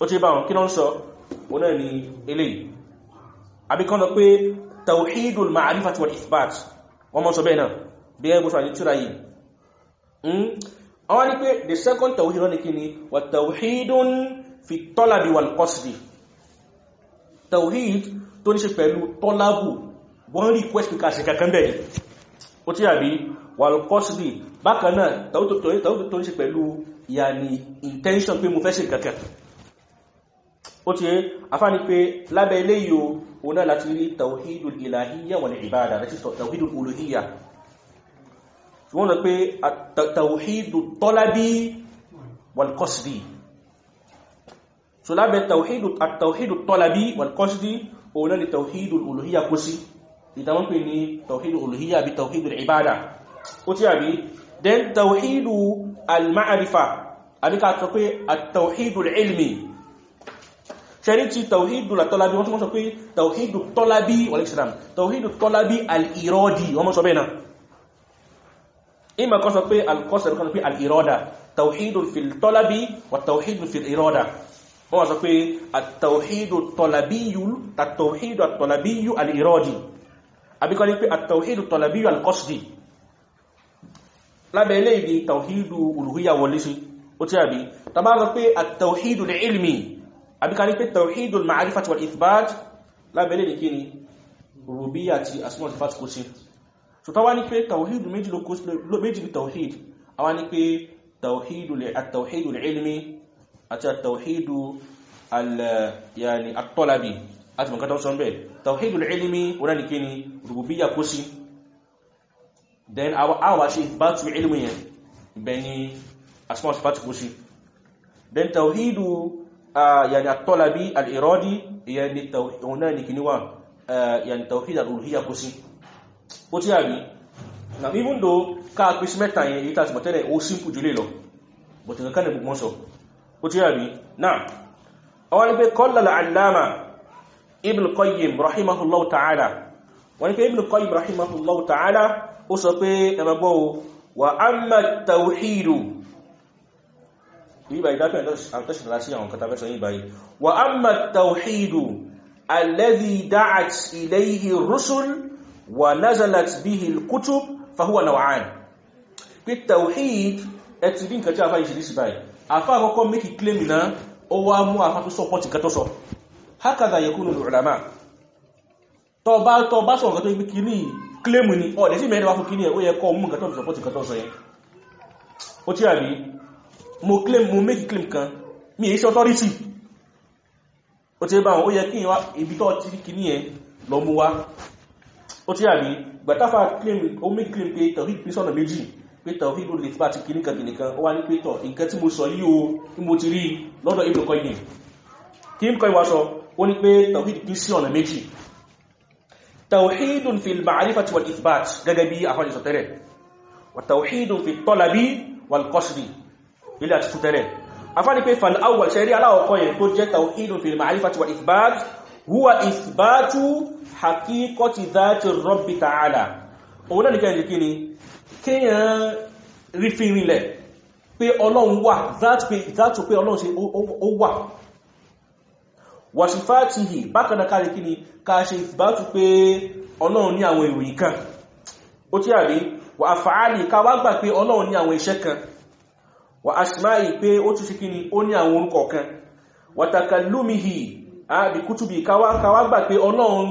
ó ti bá wọn kí náà sọ wọn náà ni eléyìí àbí kan lọ pé tawhidul ma'arifati wal ithbat wọ́n mọ́ sọ bẹ́ẹ̀ náà bí ẹgbẹ́ sọ àyíkúra yìí hmm? àwọn ni pé the second tawhidun ni kíni wà tawhidun fi talabi wal qasdi tawhid tó ní ṣe pẹ̀lú talabu wọ́n request pé ká ṣe kankan bẹ́ẹ̀ ó ti àbí intention pé mo fẹ́ ó ti afáni pé lábẹ́ ilé yóò òun náà láti rí tawhidul ilahiyya wal ibada àti tawhidul uluhiyya wọ́n lọ pé tawhidu tọ́lábí wal qasdi so lábẹ́ tawhidu tọ́lábí wal qasdi òun náà ni tawhidul uluhiyya kó sí ìdáwọn then tawhidu al-ma'arifa àbíkà sọ pé at-tawhidul ṣẹ́rí ti tàwíìdù tọ́lábí wọ́n tún sọ pé tàwíìdù tọ́lábí wàlẹ́sìdám tàwíìdù tọ́lábí al'irọ́dì wọ́n mọ́ sọ bẹ́ẹ̀ náà ima kan sọ pé alkọ́sẹ̀rẹ̀ kan sọ pé al'irọ́dà tàwíìdù fil tọ́lábí wà tàwíìdù fil irọ́dà wọ́n wá sọ pé àtàwíìdù tọ́lábíyù tàwíìdù tọ́lábíyù al'irọ́dì àbíkọ́ ní pé àtàwíìdù tọ́lábíyù alkọ́sìdì lábẹ́ ilé ìdí tàwíìdù olùhíyà wọlé àbí ká ní pé tawhidul ma'arifat wal ithbat lábẹ́lẹ̀ ní kíni rububiyya àti asma wal sifat kò sí so táwa ní pé tawhid méjì ló kó méjì ní tawhid àwa ní pé tawhidul ilmi àti tawhidu yani at-talabi àti mọ̀ká tó sọ́nbẹ̀ tawhidul ilmi wọ́n ní kíni rububiyya kò sí sí then tawhidu يعني الطلبي الإرادي يعني هناك نوع يعني توحيد الألوهية كوسي وتي أبي نعم even though ká pèsè mẹ́ta yẹn èyí tàbí tẹ́lẹ̀ ó símpù jù lè lọ but nǹkan ní gbogbo sọ ó tí àbí náà àwọn ni pé qala al ibn qayyim rahimahullahu ta'ala wọ́n pé ibn qayyim rahimahullahu ta'ala ó sọ pé ẹmẹgbọ́ wa amma tawhidu yíba ìdákẹ́ àtọ́ṣìtàlá sí àwọn kata fẹ́sọ yíba yìí wa amma tawhidu alladhi da'at ilayhi rusul wa nazalat bihi al-kutub fahuwa naw'an pé tawhid ẹtì bí nǹkan tí a fà ìṣẹ̀lẹ̀ sí báyìí afá àkọ́kọ́ mékì claim na ó wá mú afá tó sọ pọ̀tì kẹtọ́ sọ hakadha yakunu al-ulama tọ sọ nǹkan tó gbé kíní ni ọ̀dẹ̀ mo claim mo make claim kan mi èyí ṣe authority ó ti bá wọn ó yẹ kí ìwá ibi tó ti kì ní ẹ lọ mú wá ó ti àbí gbàtàfà claim ó make claim pé tọ̀rí pín sọ́nà méjì pé tọ̀rí ló lè fà ti kì nìkan kìnìkan ó wá ní pé tọ̀ nǹkan tí mo sọ yí o tí mo ti rí lọ́dọ̀ ibùdó kọ́ yìí kí n kọ́ ìwà sọ ó ní pé tọ̀rí pín sí ọ̀nà méjì tawhidun fil ma'rifati wal ithbat gẹ́gẹ́ bí àwọn ìsọ̀tẹ́rẹ̀ wa ilé àti fútẹ́lẹ̀ afáni pé fal awwal ṣẹ́rí aláwọ̀kọ́ yẹn tó jẹ́ tawhidun fil ma'rifati wa ithbat huwa ithbatu haqiqati dhati rabbi ta'ala òun náà ní kẹ́yìn kí ni kéèyàn rí fi rinlẹ̀ pé ọlọ́run wà dhatu pé ọlọ́run ṣe ó wà wàṣífàtìhì bákanákàrí kí ni ká ṣe ìbátú pé ọlọ́run àwọn iṣẹ́ kan wa asma'i pé ó tún sí kí ni ó ní àwọn orúkọ kan wa takalumihi a bí kútùbí káwà gbà pé ọlọ́run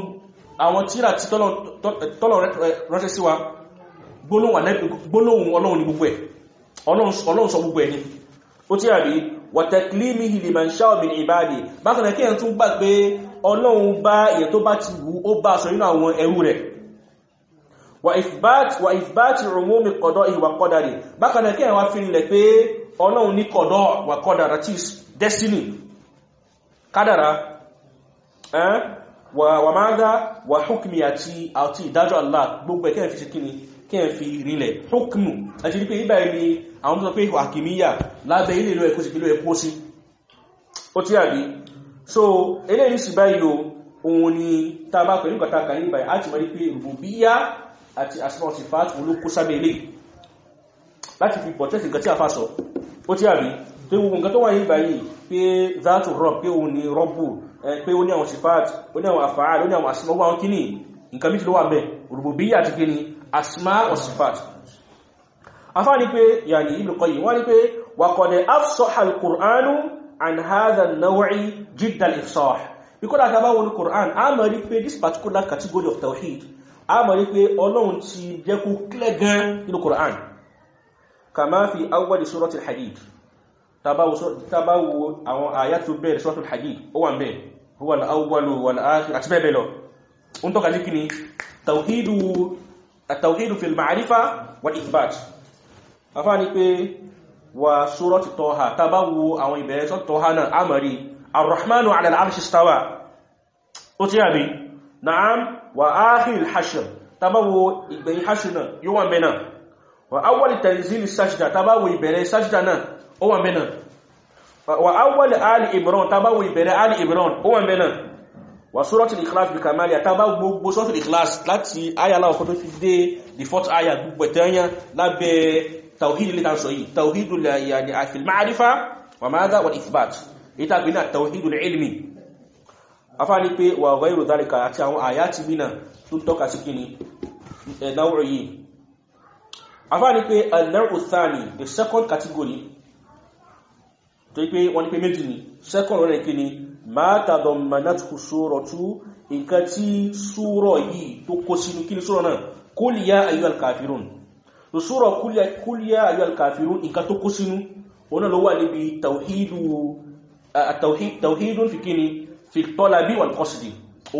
àwọn tíra tí tọ́lọ̀ ránṣẹ́ sí wa gbólóhùn ọlọ́run ní gbogbo ẹ̀ ọlọ́run sọ gbogbo ẹ̀ ni ó tí àbí wa taklimihi liman sha'a min ibadi bákan náà kí ẹ̀ tún gbà pé ọlọ́run bá ìyẹ̀ tó bá ti wù ó bá sọ nínú àwọn ẹrú rẹ̀ wa ithbat wa ithbat umumi qada'i wa qadari bákan náà kí ẹ̀ wá fi rinlẹ̀ pé ọlọ́run ní kọ̀dọ̀ wà kọ́dàrà tí destiny kádàrà wà máa dá wà hukmi àti àti ìdájọ́ Allah gbogbo ẹ̀ kẹ́ẹ̀ fi ṣe kí ni kẹ́ẹ̀ fi rílẹ̀ hukmu àti rí pé ibà ni àwọn tó pé hakimiyya lábẹ́ ilé ìlú ẹ̀kọ́ ìlú ẹ̀kọ́ sí ó tí àbí so eléyìí sì báyìí lo òun ni tá a bá pẹ̀lú ìgbà tá a kà ní ìbàyà láti mọ̀ ní pé rùbùbíyà àti fàá tí wọ́n sábẹ́ ilé láti fi pọ̀ nǹkan tí a fà sọ ó tí àbí tó gbogbo nǹkan tó wà yìí báyìí pé zátù rọ pé òun ni rọ́bù pé ó ní àwọn sifat ó ní àwọn àfààl ó ní àwọn asma wọn kíní nǹkan méjì ló wà bẹ́ẹ̀ rububiyya àti kíní asma wa sifat afá ni pé yàní Ibn Qayyim wá ní pé wa qad afsaha al-Qur'anu an hadha an-naw'i jidda kama fi awwal surati al-hadid tabawo àwọn ayatu bẹ̀rẹ̀ surati al-hadid ó wà ńbẹ̀ huwa al-awwal wal akhir àti bẹ́ẹ̀ bẹ́ẹ̀ lọ un to ka zikini tawhidu at-tawhid fi al-ma'rifa wal ithbat afani pé wa surati toha tabawo àwọn ìbẹ̀rẹ̀ surati toha na amari ar-rahmanu 'ala wa awwal tanzil sajda tabawo ìbẹ̀rẹ̀ sajda náà ó wà mena wa awwal ali imran tabawo ìbẹ̀rẹ̀ ali imran ó wà mena wa suratul ikhlas bi kamali tabawo gbogbo suratul ikhlas láti aya la ko tó fi dé the fourth aya gbogbo tanya lábẹ́ tawhid li tan so yi tawhid la yani afil ma'rifa afá ní pé al the second category tó pé wọ́n ní pé méjì ni second rẹ̀ kí ni ma tadammanathu suratu nǹkan tí súrọ̀ yìí tó kó sínú kí ni súrọ̀ náà qul ya ayyuhal kafirun tó súrọ̀ qul ya ayyuhal kafirun nǹkan tó kó sínú ọ̀nà ló wà níbi tawhidun fi kí ni fi talabi wal qasdi ó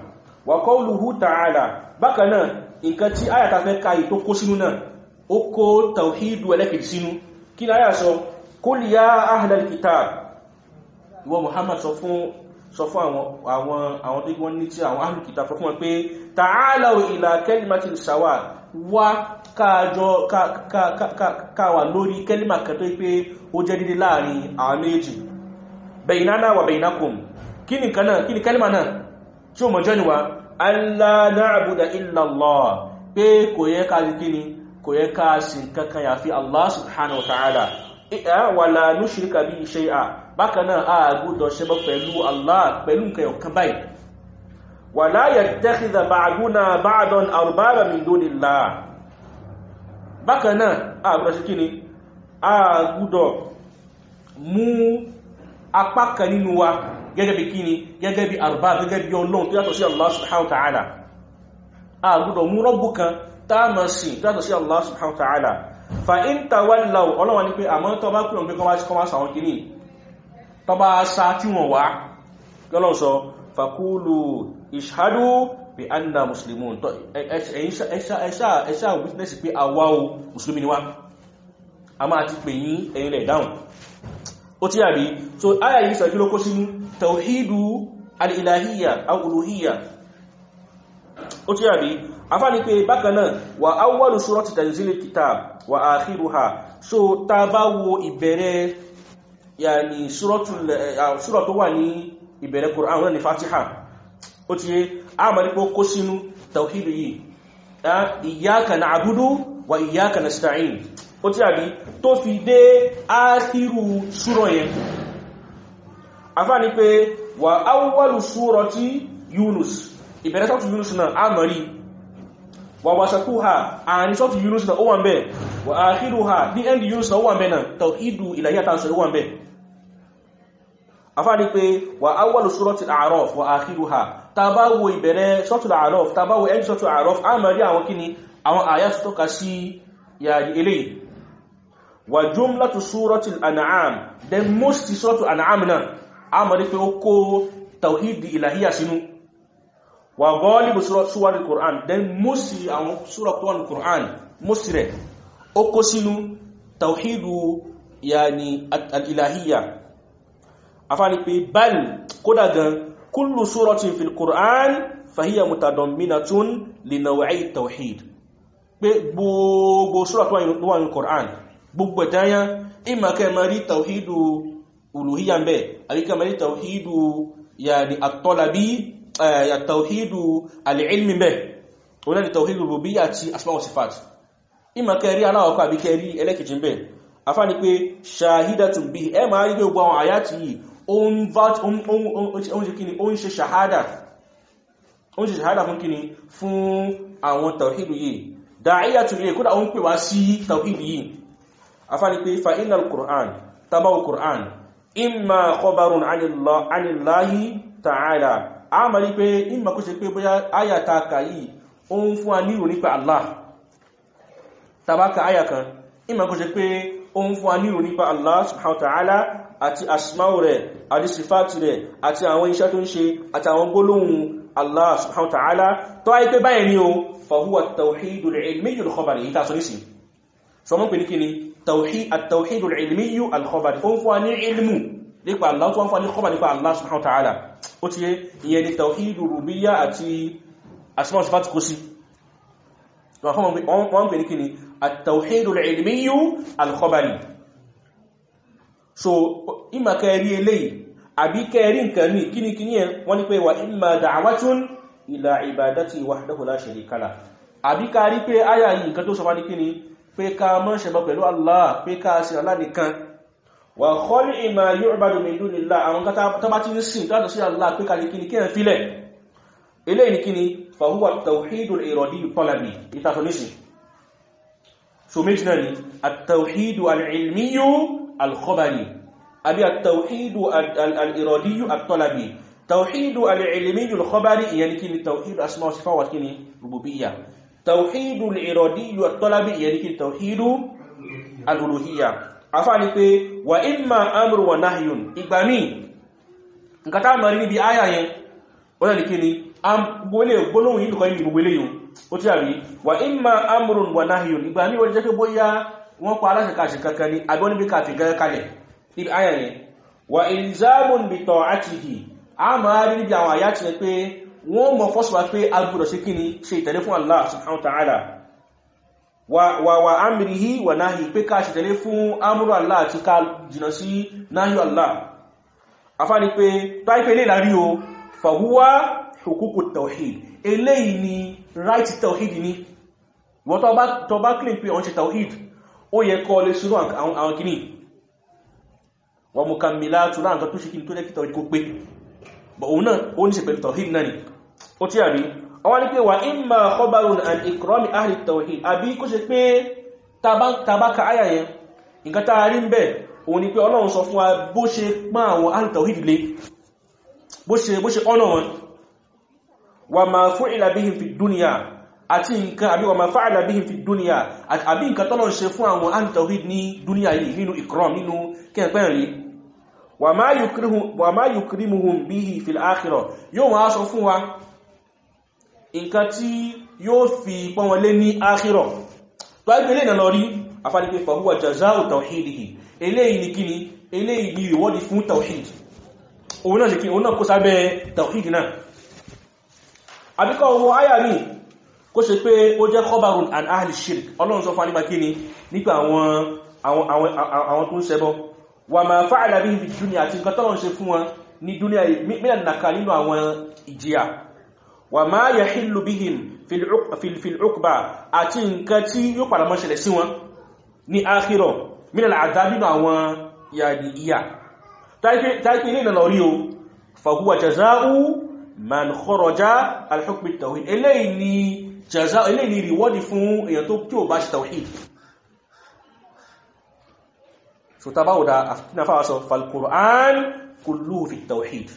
wa qawluhu ta'ala bákan náà nǹkan tí àyà ta fẹ́ ka yìí tó kó sínú náà ó kó tawhidu ẹlẹ́kejì sínú kí ni àyà sọ qul ya ahlal kitab ìwọ Muhammad sọ fún sọ fún àwọn àwọn tó wọ́n ní tí àwọn ahlul kitab sọ fún wọn pé ta'alaw ila kalimatin sawa wá káàjọ káàwà lórí kẹ́límà kan tó pé ó jẹ́ dídí láàrin àwọn méjì bainana wa bainakum kí ni kẹ́límà náà tí ó mọ̀ jọ́ níwá allá na'budu illa Allah pé kò yẹ ká rí kíni kò yẹ ká sin kankan yàfi Allah subhanahu wa ta'ala wala nushrika bihi shay'a bákan náà a gbọ́dọ̀ ṣe bọ́ pẹ̀lú Allah pẹ̀lú nǹkan ọ̀kan báyìí wala yattakhidha ba'duna ba'dan apá kan nínú wa gẹ́gẹ́ bí kíni gẹ́gẹ́ bí àrùbá gẹ́gẹ́ bí ọlọ́run tó yàtọ̀ sí Allah subhanahu wa ta'ala àgbùdọ̀ mú rọ́bù kan táàmà sí tó yàtọ̀ sí Allah subhanahu wa ta'ala fa in tawallaw ọlọ́wọ́ ní pé ó tí àrí so ayà yìí sọ ìkílókó sínú tàwíìdù al'ilahiyya al'uluhiyya ó tí àrí afá ní pé bákanáà wà áwọ́lù surati tanzilil kitab wà akhiruha so ta bá wo ìbẹ̀rẹ̀ yàní sura eh, ah, tó wà ní ìbẹ̀rẹ̀ Qur'an wọn ni fatiha ó tí àmàrípò kó sínú tàwíìdù ó tí àbí tó fi dé ákírù súrọ̀ yẹn afá ní pé wà áwọ́lù súrọ̀ tí Yunus ìbẹ̀rẹ̀ sọ́tù Yunus náà a mọ̀rí wà wàṣàkú ha àárín sọ́tù Yunus náà ó wà ń bẹ̀ wà ákírù ha ní ẹ́ndì Yunus náà ó wà ń bẹ̀ náà tawhidu ìlàyàtà A'raf wà ákírù ha tàbáwò A'raf tàbáwò ẹ́ndì sọ́tù A'raf a mọ̀rí àwọn kíni tó tọ́ka sí yàrí eléyìí wa jumlatu suratul an'am then most suratul an'am náà a mọ̀ ní pé ó kó tawhid ilahiyya sínú wa ghalibu suratul qur'an then most àwọn suratul qur'an most rẹ̀ ó kó sínú tawhidu yani al-ilahiyya afáni pé bal kódà gan kullu suratin fil qur'an fahiya mutadamminatun li tawhid pé gbogbo sura tó wà qur'an gbogbo ẹ̀dáyá ìmọ̀ kẹma rí tàwídù olùhíyà ń bẹ̀ àbí kẹma rí tàwídù yàní àtọ́làbí tàwídù alìílmì bẹ̀ oní tàwídù rubí àti asma wa sifat ìmọ̀ kẹrí aláwọ̀kọ́ àbí kẹrí ẹlẹ́kẹ̀jì bẹ̀ afá ni pé ṣahidatun bí ẹ máa rí gbogbo àwọn àyá ti yìí ó ń ṣe ṣahada fún kíni fún àwọn tàwídù yìí dáíyàtù yìí kódà ó ń pè wá tàwídù yìí afáni pé fa iná al-qur'an tabawo qur'an imma khabarun anillahi ta'ala a ma ní pé imma kó ṣe pé bóyá ayata ka yìí ó ń fún wa níro nípa allah tabaka ayakan imma kó ṣe pé ó ń fún wa níro nípa allah subhanahu wa ta'ala àti asma'u rẹ̀ àti sifati rẹ̀ àti àwọn iṣẹ́ tó ń ṣe Allah subhanahu wa ta'ala tó ayé pé báyẹ̀ ní o fa huwa at-tawhidul ilmiyyul khabari ìta sọ nísìn so mọ́ pè ní kíni التوحيد العلمي الخبر فوفاني علم nípa Allah tó wọ́n fún ní kọ́bà nípa Allah subhanahu wa ta'ala ó ti yé ìyẹn ni tawhidu rububiyya àti asma sifat kó sí wọ́n pè ní kí ni at-tawhidu al-ilmiyyu al-khabari so ima kẹrí eléyìí àbí kẹrí nǹkan ní kíni kíni ẹ wọ́n ní pé wa imma da'watun ila ibadati wahdahu la sharika lah àbí kárí pé áyà yìí nǹkan tó sọ wá ní kíni pé ká mọ́ ṣẹbọ pẹ̀lú Allah pé ká sí Allah nìkan wà kọ́lì ìmà yu'badu min dunillah àwọn kátà tọ́bá tí ń sìn tọ́tọ̀ sí tawhidu al ilmiyu al khabari àbí at tawhidu asma wa sifat wa kíni tàwíìdù ìrọ̀dí ìlú àtọ́lábí ìyẹn kí tàwíìdù alùlùhíyà afá ni pé wà ìmà amru wa nahyun ìgbà míì nǹkan tá mọ̀rí níbi áyà yẹn ó lẹ́ni kí ni gbólé gbólóhùn yìí nìkan yìí gbogbo eléyìí ó tí àrí wà ìmà amru wa nahyun ìgbà míì wọ́n jẹ́ pé bóyá wọ́n pa aláṣẹkáṣẹ kankan ni àbí wọ́n níbi káfí gẹ́gẹ́ kalẹ̀ níbi áyà yẹn wà ìlzámùn bi ta'atihi a máa rí ti pé wọ́n mọ̀ fọ́sùwà pé agbúrò sí kí ni ṣe ìtẹ̀lé fún Allah subhanahu wa ta'ala wà wà ámìrìhí wà náhì pé ká ṣe tẹ̀lé fún ámúrò Allah àti ká jìnà sí náhì Allah afá ni pé táìpé lè lárí o fàwúwá hukuku tawhid right tawhid ni wọ́n tó bá claim pé ọ̀n ṣe tawhid ó yẹ kọ́ lè ṣúrọ̀ àwọn mú kàmìlá tó ráǹkan tó ṣe kí n tó lẹ́kìtà ọjọ́ pé bọ̀ òun náà ó ní ṣe pẹ̀lú tawhid náà ni ó tí àrí àwọn ní pé wà imma khabarun an ikrami ahli tawhid àbí kó ṣe pé tabaka aya yẹn nǹkan tá a rí ń bẹ̀ òun ni pé ọlọ́run sọ fún wa bó ṣe pán àwọn ahli tawhid lé bó ṣe ọ̀nà wọn wà wà má yukrimuhum bihi fil akhirah yóò wọ́n aṣọ fún wa nǹkan tí yóò fi pọ́n wọn lé ní akhirah tó ẹgbẹ́ lè nàlọ rí afárípẹ́ fahuwa jazau tawhidihi eléyìí ni kíni eléyìí ni fún tawhid òun náà nìkí wà máa fa'ala bihi fi dunya àti nǹkan tọ́lọ̀ ń ṣe fún wọn ní dunya mílẹ̀ nàka nínú àwọn ìjìyà wà máa yahillu bihim fil uqba àti nǹkan tí yóò padà mọ́ ṣẹlẹ̀ sí wọn ní akhirah mílẹ̀ àdá nínú àwọn ìyà táìpé so ta bá wùdá àfihànfà sọ falkur'an kullu fi tawhid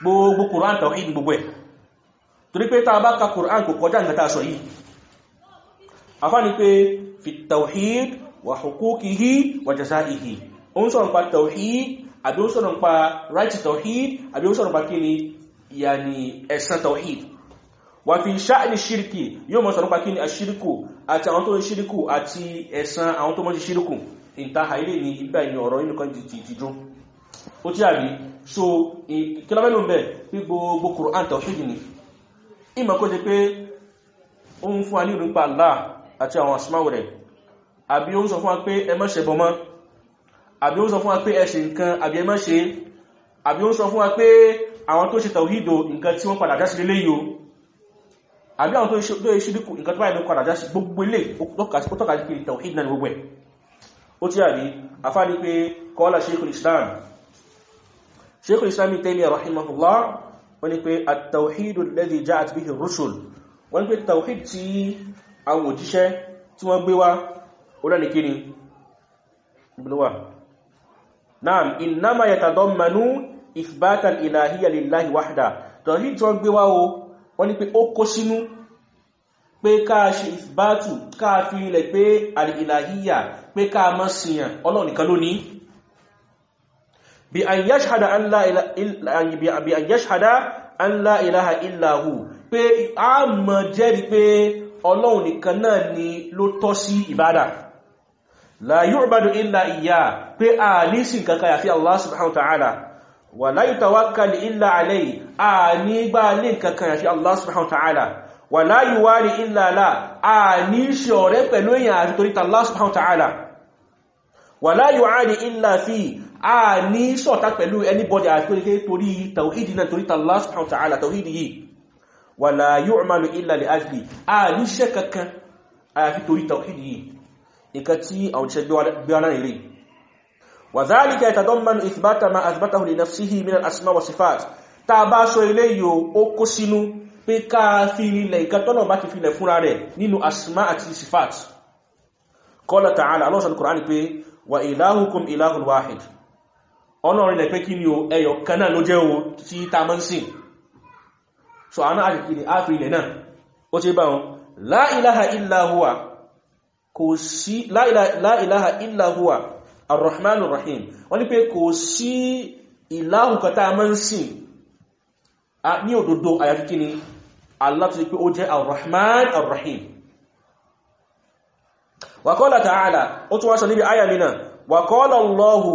gbogbo kur'an tawhid gbogbo ẹ̀ torí pé ta bá ka kur'an kò kọjá nǹkan ta sọ yìí afá ni pé fi tawhid wa hukukihi wa jaza'ihi o ń sọ̀rọ̀ pa tawhid àbí o ń sọ̀rọ̀ pa right tawhid àbí o ń sọ̀rọ̀ pa kíni ìtaha ilé ni ìgbà ìyàn ọ̀rọ̀ inú kan jìtì ìjìjú ó tí àrí so kílọ́mẹ́lú bẹ̀ pí gbogbo Qur'an tawhid ni ìmọ̀ kó jẹ pé ó ń fún wa ní ìrúpa Allah àti àwọn asmáwò rẹ̀ àbí ó ń sọ fún wa pé ẹ má ṣe bọmọ́ àbí ó ń sọ fún wa pé ẹ ṣe nǹkan àbí ẹ má ṣe àbí ó ń sọ fún wa pé àwọn tó ṣe tawhido nǹkan tí wọ́n padà dá sí lélé àbí àwọn tó ṣe dúkù nǹkan tó báyìí ló padà dá gbogbo ilé ó tọ́ka sí pé tawhid náà ni gbogbo ẹ̀ ó tí àrí afá ní pé kọ́lá sheikhul islam sheikhul islam Taymiyyah rahimahullah wọ́n ní pé at-tawhidu alladhi ja'at bihi ar-rusul wọ́n ní pé tawhid tí àwọn òjíṣẹ́ tí wọ́n gbé wá olánikini ibnuwa naam innama yatadammanu ithbata pé ká ṣe bátù ká fi ilẹ̀ pé àlìláhíyà pé ká mọ́ síyàn ọlọ́run nìkan ló ní bí an yashhada an la ilaha illa hu pé a mọ̀ jẹ́rìí pé ọlọ́run nìkan náà ni ló tọ́ sí ìbádà la yu'badu illa iyyah pé a ní sìn kankan yàfi Allah subhanahu ta'ala wa la yutawakkal illa a ní gbá ní kankan yàfi Allah subhanahu ta'ala wà láyí wá ní ìlàlá a ní ṣe ọ̀rẹ́ pẹ̀lú èyàn àti torí Allah subhanahu wa ta'ala wà láyí wá ní ìlà fi a ní ṣọ̀tá pẹ̀lú anybody àti torí tàwídì náà torí Allah subhanahu wa ta'ala tàwídì yìí wà láyí wá ní ìlà lè ajli a ní ṣe kankan àti torí tàwídì yìí إثبات ما أثبته لنفسه من الأسماء والصفات tá a bá sọ pé ká fi ilẹ̀ ìkan tọ́nà bá ti filẹ̀ fúnra rẹ̀ nínú asma àti sifat qala ta'ala alọ́sàn kùránì pé wa ilahukum ilahun wahid ọlọ́run ilẹ̀ pé kí ni o ẹyọ kan ló jẹ́ o tí ta mọ́ sí so àánà àṣìkì ni a fi ilẹ̀ náà ó ti bá wọn la ilaha illa huwa kò sí la ilaha illa huwa arrahman arrahim wọ́n ní pé kò sí ìlàhùn kan mọ́ sí ní òdodo àyàfi Allah ti pé ó jẹ́ Ar-Rahman Ar-Rahim wa qala ta'ala ó tún wá sọ níbi àyà mìíràn wa qala Allahu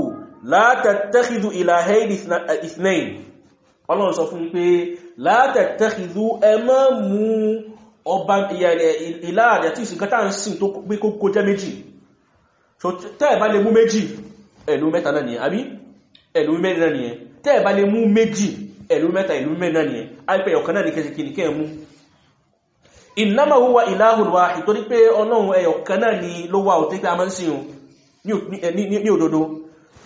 la tattakhidhu ilahayni ithnayn ọlọ́run sọ fún mi pé la tattakhidhu ẹ má mú ọba ìlà àti ìsìnkátà ń sìn tó so tẹ́ẹ̀ bá lè mú méjì ẹ̀lú mẹ́ta náà nìyẹn àbí ẹ̀lú mẹ́rin náà nìyẹn tẹ́ẹ̀ bá lè mú méjì ẹ̀lú mẹ́ta ìlú mẹ́rin náà nìyẹn àìpẹ́ ọ̀kan náà ní kẹsì kìíní kẹ́ mú innama huwa ilahun wahid ìtorí pé ọlọ́run ẹ̀yọ̀kan náà ni ló wà ó tẹ́gbẹ́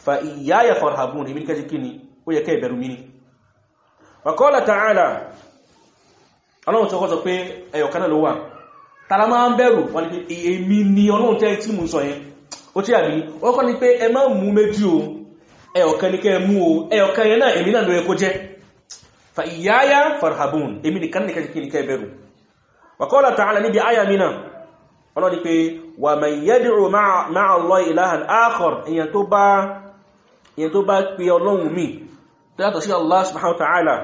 fa iyaya farhabun ibi ni wa qala ta'ala ọlọ́run tó kọ́ sọ pé ẹ̀yọ̀kan náà ló wà tààlà máa ń bẹ̀rù wọ́n ni pé èmi ni ọlọ́run tẹ́ tí mú sọ yẹn ó tí àbí wọ́n kọ́ ni pé ẹ ẹ̀yọ̀kan ní kẹ́ mú o ẹ̀yọ̀kan yẹn náà èmi náà ló yẹ jẹ́ fa iyaya farhabun èmi nìkan nìkan kí ní kẹbẹ̀rù wa qala ta'ala níbi aya mina ọlọ́ ni pé wa man yad'u ma'a Allah ilahan akhar èyàn tó bá pè ọlọ́run mi tó yàtọ̀ sí Allah subhanahu wa ta'ala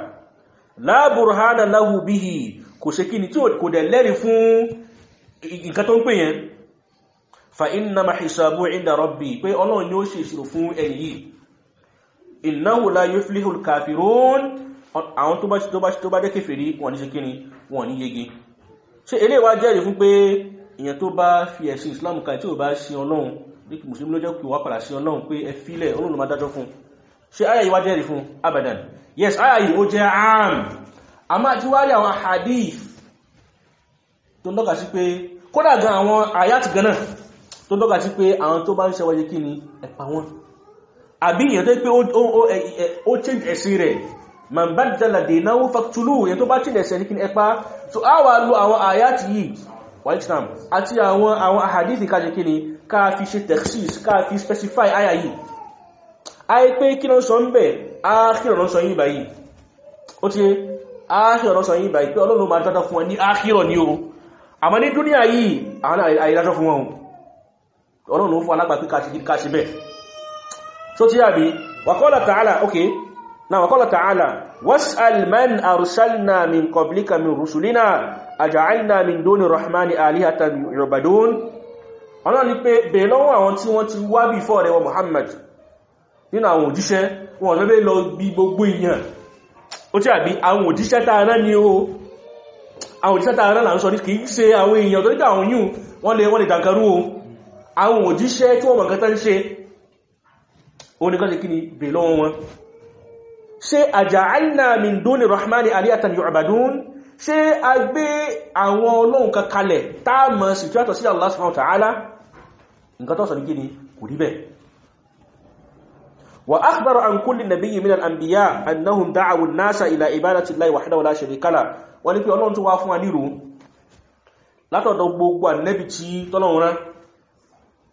la burhana lahu bihi kò ṣe kí ni tí kò dẹ̀ lẹ́rìí fún nǹkan tó ń pè yẹn fa hisabu inda rabbi pé ọlọ́run ni ó ṣe ìṣirò fún ẹni innahu la yuflihul kafirun àwọn tó bá tó bá tó bá jẹ́ kèfèrí wọ́n ní ṣe kíni wọ́n ní yege ṣé eléyìí wá jẹ́rìí fún pé èèyàn tó bá fi ẹ̀sìn Islam kan tí ò bá sin Ọlọ́run bí mùsùlùmí ló jẹ́ kí wá padà sin Ọlọ́run pé ẹ filẹ̀ Ọlọ́run fún yes àyà yìí ó jẹ́ am àmọ́ àti wá rí àwọn hadith tó ń dọ́ka sí pé kódà gan àwọn àyàtì gan náà tó ń dọ́ka change ẹ̀sìn man baddala dinahu faqtuluhu yẹn tó bá tilẹ̀ ṣe ní kí ẹpa so a wà lo àwọn àyàtì yìí wàlìtìnàm àti àwọn àwọn àhàdìsì ká jẹ kí ni ká fi ṣe texis ká fi specify àyà yìí a yí pé kí ló sọ ń bẹ̀ áàkìrọ̀ sọ yìí báyìí ó ti áàkìrọ̀ sọ yìí báyìí pé ọlọ́run máa dájọ́ fún wọn ní áàkìrọ̀ ní o àmọ́ ní dúníà yìí àwọn àìdájọ́ fún wọn ọlọ́run fún alágbàpí ká ṣe bẹ́ẹ̀ so ti yàbí wàkọ́lá tààlà okay na wakọ́lá ta'ala was'al man arsalna min qablika min rusulina aja'alna min duni rahmani alihatan yu'badun ọlọ́run ni pé bèèrè lọ́wọ́ àwọn tí wọ́n ti wá bí fọ́ rẹwọ Muhammad nínú àwọn òjíṣẹ́ wọn lọ́bẹ́ lọ bí gbogbo èèyàn ó tí àbí àwọn òjíṣẹ́ tààrán ni ó àwọn òjíṣẹ́ tààrán là ń sọ ní kìí ṣe àwọn èèyàn tó níta àwọn yìí wọ́n lè wọ́n lè dànkarú o àwọn òjíṣẹ́ tí wọ́n mọ̀kátá ń ṣe oníkan ṣe àjàáìnà mìndónì rahmani aliyatan yu'badun ṣe a gbé àwọn ọlọ́run kan kalẹ̀ táàmà sí tí wátọ̀ sí Allah subhanahu wa ta'ala nǹkan tó sọ ní gini kò rí bẹ́ẹ̀ wa akhbara an kulli nabiyyin min al-anbiya annahum da'awu an-nasa ila ibadati llahi wahdahu la sharika la wọ́n ní pé ọlọ́run tó wá fún wa níro gbogbo ànẹ́bì tí tọ́lọ́run rán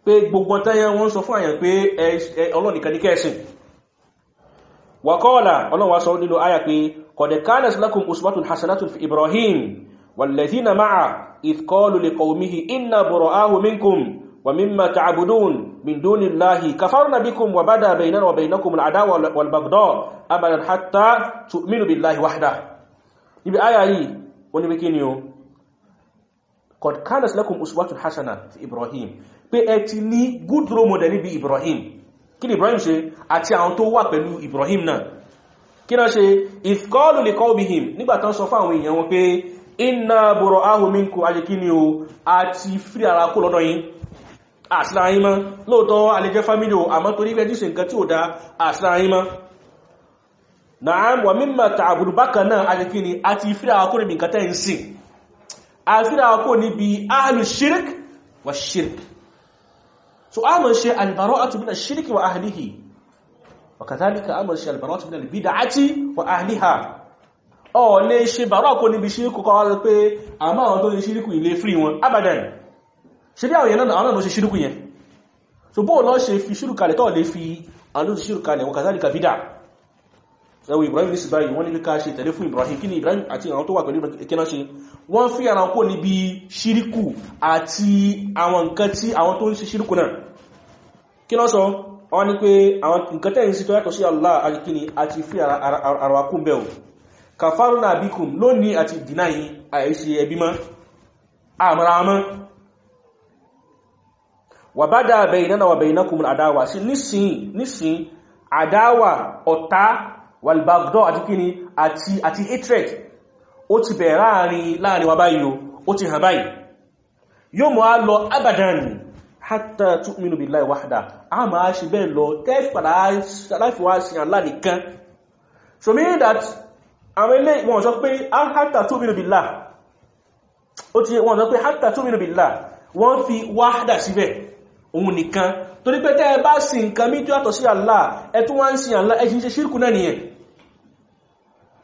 pé gbogbo ọ̀tẹ́yẹ wọ́n sọ fún àyàn pé ọlọ́run nìkan ní kẹ́ẹ̀sìn wàkọ́ọ̀lá ọlọ́wà sọ nínú ayà pé kọ̀dẹ̀ kánẹ̀sì lakum uswatun hasanatun fi ibrahim wàlẹ̀dínà máa ìtkọlù lè kọ̀wùmíhì iná bọ̀rọ̀ áhù minkum wa mimma ta'budun min dunillahi kafarna bikum wa bada bainana wa bainakum al'adawa wal baghdha abadan hatta tu'minu billahi wahda ibi aya yi woni be kini o qad kanat lakum uswatun kí ni Ibrahim ṣe àti àwọn tó wà pẹ̀lú Ibrahim náà kí náà ṣe ìkọlù lè kọ́ bí him nígbàtán sọ fáwọn èèyàn wọn pé iná bọ̀rọ̀ ahùnmínkù ajikini o àti fírí ara kó lọ́dọ̀ yín àṣìlára yín mọ́ lóòtọ́ alẹ́jẹ́ fámílì o àmọ́ torí fẹ́ jíṣẹ́ nǹkan tí ó dá àṣìlára yín mọ́ náà wà wa shirk so a mọ̀ ṣe albara'atu min ash-shirki wa ahlihi wa kadhalika a mọ̀ ṣe albara'atu min al-bid'ati wa ahliha ó lè ṣe bàrọ́ kò níbi ṣíríkù kọ́ wọ́n pé àmọ́ àwọn tó lè ṣíríkù ilé fírí wọn abadan ṣe bí àwọn náà àwọn ṣe ṣíríkù yẹn so bóò lọ ṣe fi ṣíríkù kalẹ̀ tó lè fi àwọn ṣíríkù kalẹ̀ wa kadhalika bid'a ẹwọ Ibrahim ní síbáyì wọ́n ní ká ṣe tẹ̀lé fún Ibrahim kí ni Ibrahim àti àwọn tó wà pẹ̀lú ìkẹ́nà ṣe wọ́n fi ara kó níbi ṣíríkù àti àwọn nǹkan tí àwọn tó ń ṣe ṣíríkù náà kí ló wọ́n ní pé àwọn nǹkan tẹ́yìn sí tó sí Allah alikini àti fi ara kún bẹ́ẹ̀ kàfàrúnà àbíkùn lónìí àti dìnáyìn àìsí ẹbí mọ́ àmàrà mọ́ wà bá dáa bẹ̀yìn náà wà bẹ̀yìn àdáwà ọ̀tá walbagdọ́ àti kíni àti hatred ó ti bẹ̀ láàrin láàrin wa báyìí ó ti hàn báyìí yóò mọ́ á lọ abadan hatta tu'minu billahi wahda a máa ṣe bẹ́ẹ̀ lọ tẹ́fàdá aláìfíwá sí àlá nìkan so meaning that àwọn ilé wọn sọ pé hatta tu'minu billahi ó ti wọn sọ pé hatta tu'minu billahi wọ́n fi wahda òun nìkan torí tẹ́ bá sin nǹkan mí sí Allah ẹ wá ń sin Allah ẹ ṣírkù náà nìyẹn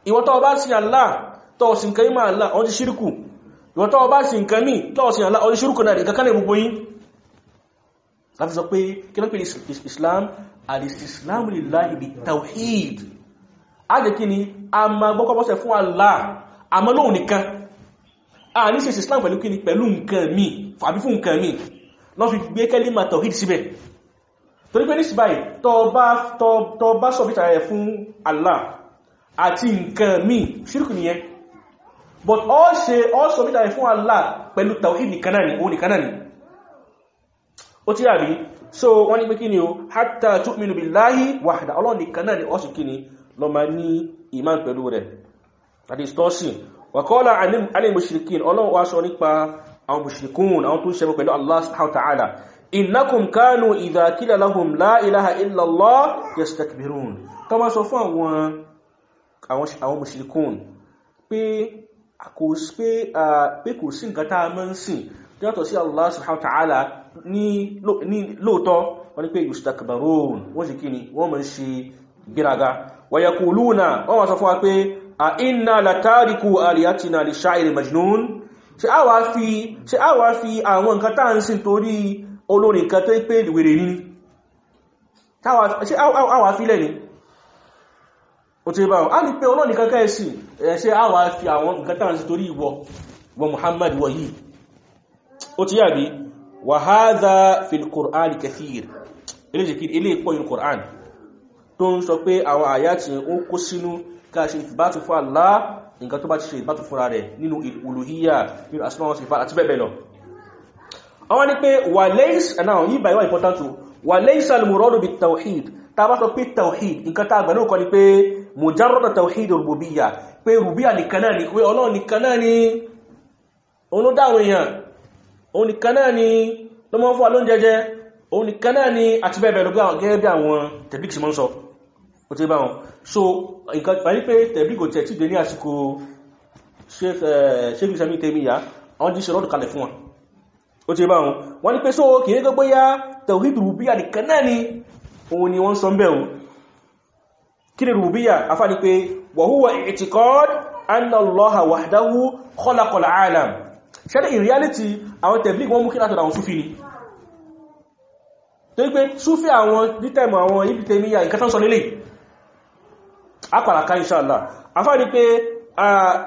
ìwọ tó bá sin Allah tó sin kan ima Allah ó di ṣírkù ìwọ bá sin kan mi tó sin Allah ó di ṣírkù náà ìkankan ní gbogbo yín láti sọ pé kí ló islam al-istislam lillahi bi tawhid a jẹ́ kí ni Allah àmọ́ lóhun a ní ṣe islam pẹ̀lú kí ni pẹ̀lú nǹkan mi àbí fún nǹkan mi lọ́ fi gbé kẹ́límà tawhid síbẹ̀ torí pé ní síbáyìí tọ́ bá sọ̀bítà rẹ̀ fún Allah àti nǹkan míì ṣírkù nìyẹn but all ṣe all submit àyẹ̀ fún Allah pẹ̀lú tawhid nìkan náà ni òun nìkan náà ni ó ti dàbí so wọ́n ní pé kí ni o hatta tu'minu billahi wahda ọlọ́run nìkan náà ni ó sì kí ni lọ ma ní iman pẹ̀lú rẹ̀ Allah subhanahu wa ta'ala innakum kanu idha qila lahum la ilaha illa Allah yastakbirun tó máa sọ àwọn mushrikun pé kò sí nǹkan tá a mọ́ ń sìn yàtọ̀ sí Allah subhanahu wa ta'ala ní lóòtọ́ wọ́n ní pé yustakbarun wọ́n sì kíni wọ́n mọ̀ sí gíraga wa yaquluna wọ́n wọ́n sọ fún wa pé a inna latariku aliyatina li sha'iri majnun ṣe a wá fi àwọn nǹkan tá a ń sìn torí olórin kan tó ń pè wèrè ní ṣe a wá fi lẹ́ni ó ti báwọn a ní pé ọlọ́ni kankan ẹ̀sì ẹ̀ṣẹ́ àwà fi àwọn nǹkan tàn sí torí ìwọ wọ Muhammad wọ yìí ó ti yàbí wa hadha fil Qur'an kathir ilé jẹ́kiri ilé ìpọ̀ yìí Qur'an tó ń sọ pé àwọn àyàtì ó kó sínú káṣe ìbátú fún Allah nǹkan tó bá ti ṣe ìbátú fúnra rẹ̀ nínú uluhiyya nínú asma wa sifat àti bẹ́ẹ̀ mujarrada tawhid rububiyya pé rububiyya nìkan náà ni pé Ọlọ́run nìkan náà ni olódáwọn èèyàn òun nìkan náà ni ló mọ́ fún wa ló ń jẹjẹ òun nìkan náà ni àti bẹ́ẹ̀ bẹ́ẹ̀ gẹ́gẹ́ bí àwọn tẹ̀bíkì sí mọ́ ń sọ ó ti bá wọn so nǹkan pàdé pé tẹ̀bíkì eh, tẹ̀ kí ni rububiyya afá ní pé wa huwa i'tiqad anna Allaha wahdahu khalaqal alam ṣẹ́lẹ̀ in reality àwọn tẹ̀blík wọ́n mú kí látọ̀dọ̀ àwọn súfì ni tó wípé súfì àwọn nítẹ̀mọ̀ àwọn ibi tẹ̀míyà nǹkan tán sọ nílé apàlàkà inshallah afá ní pé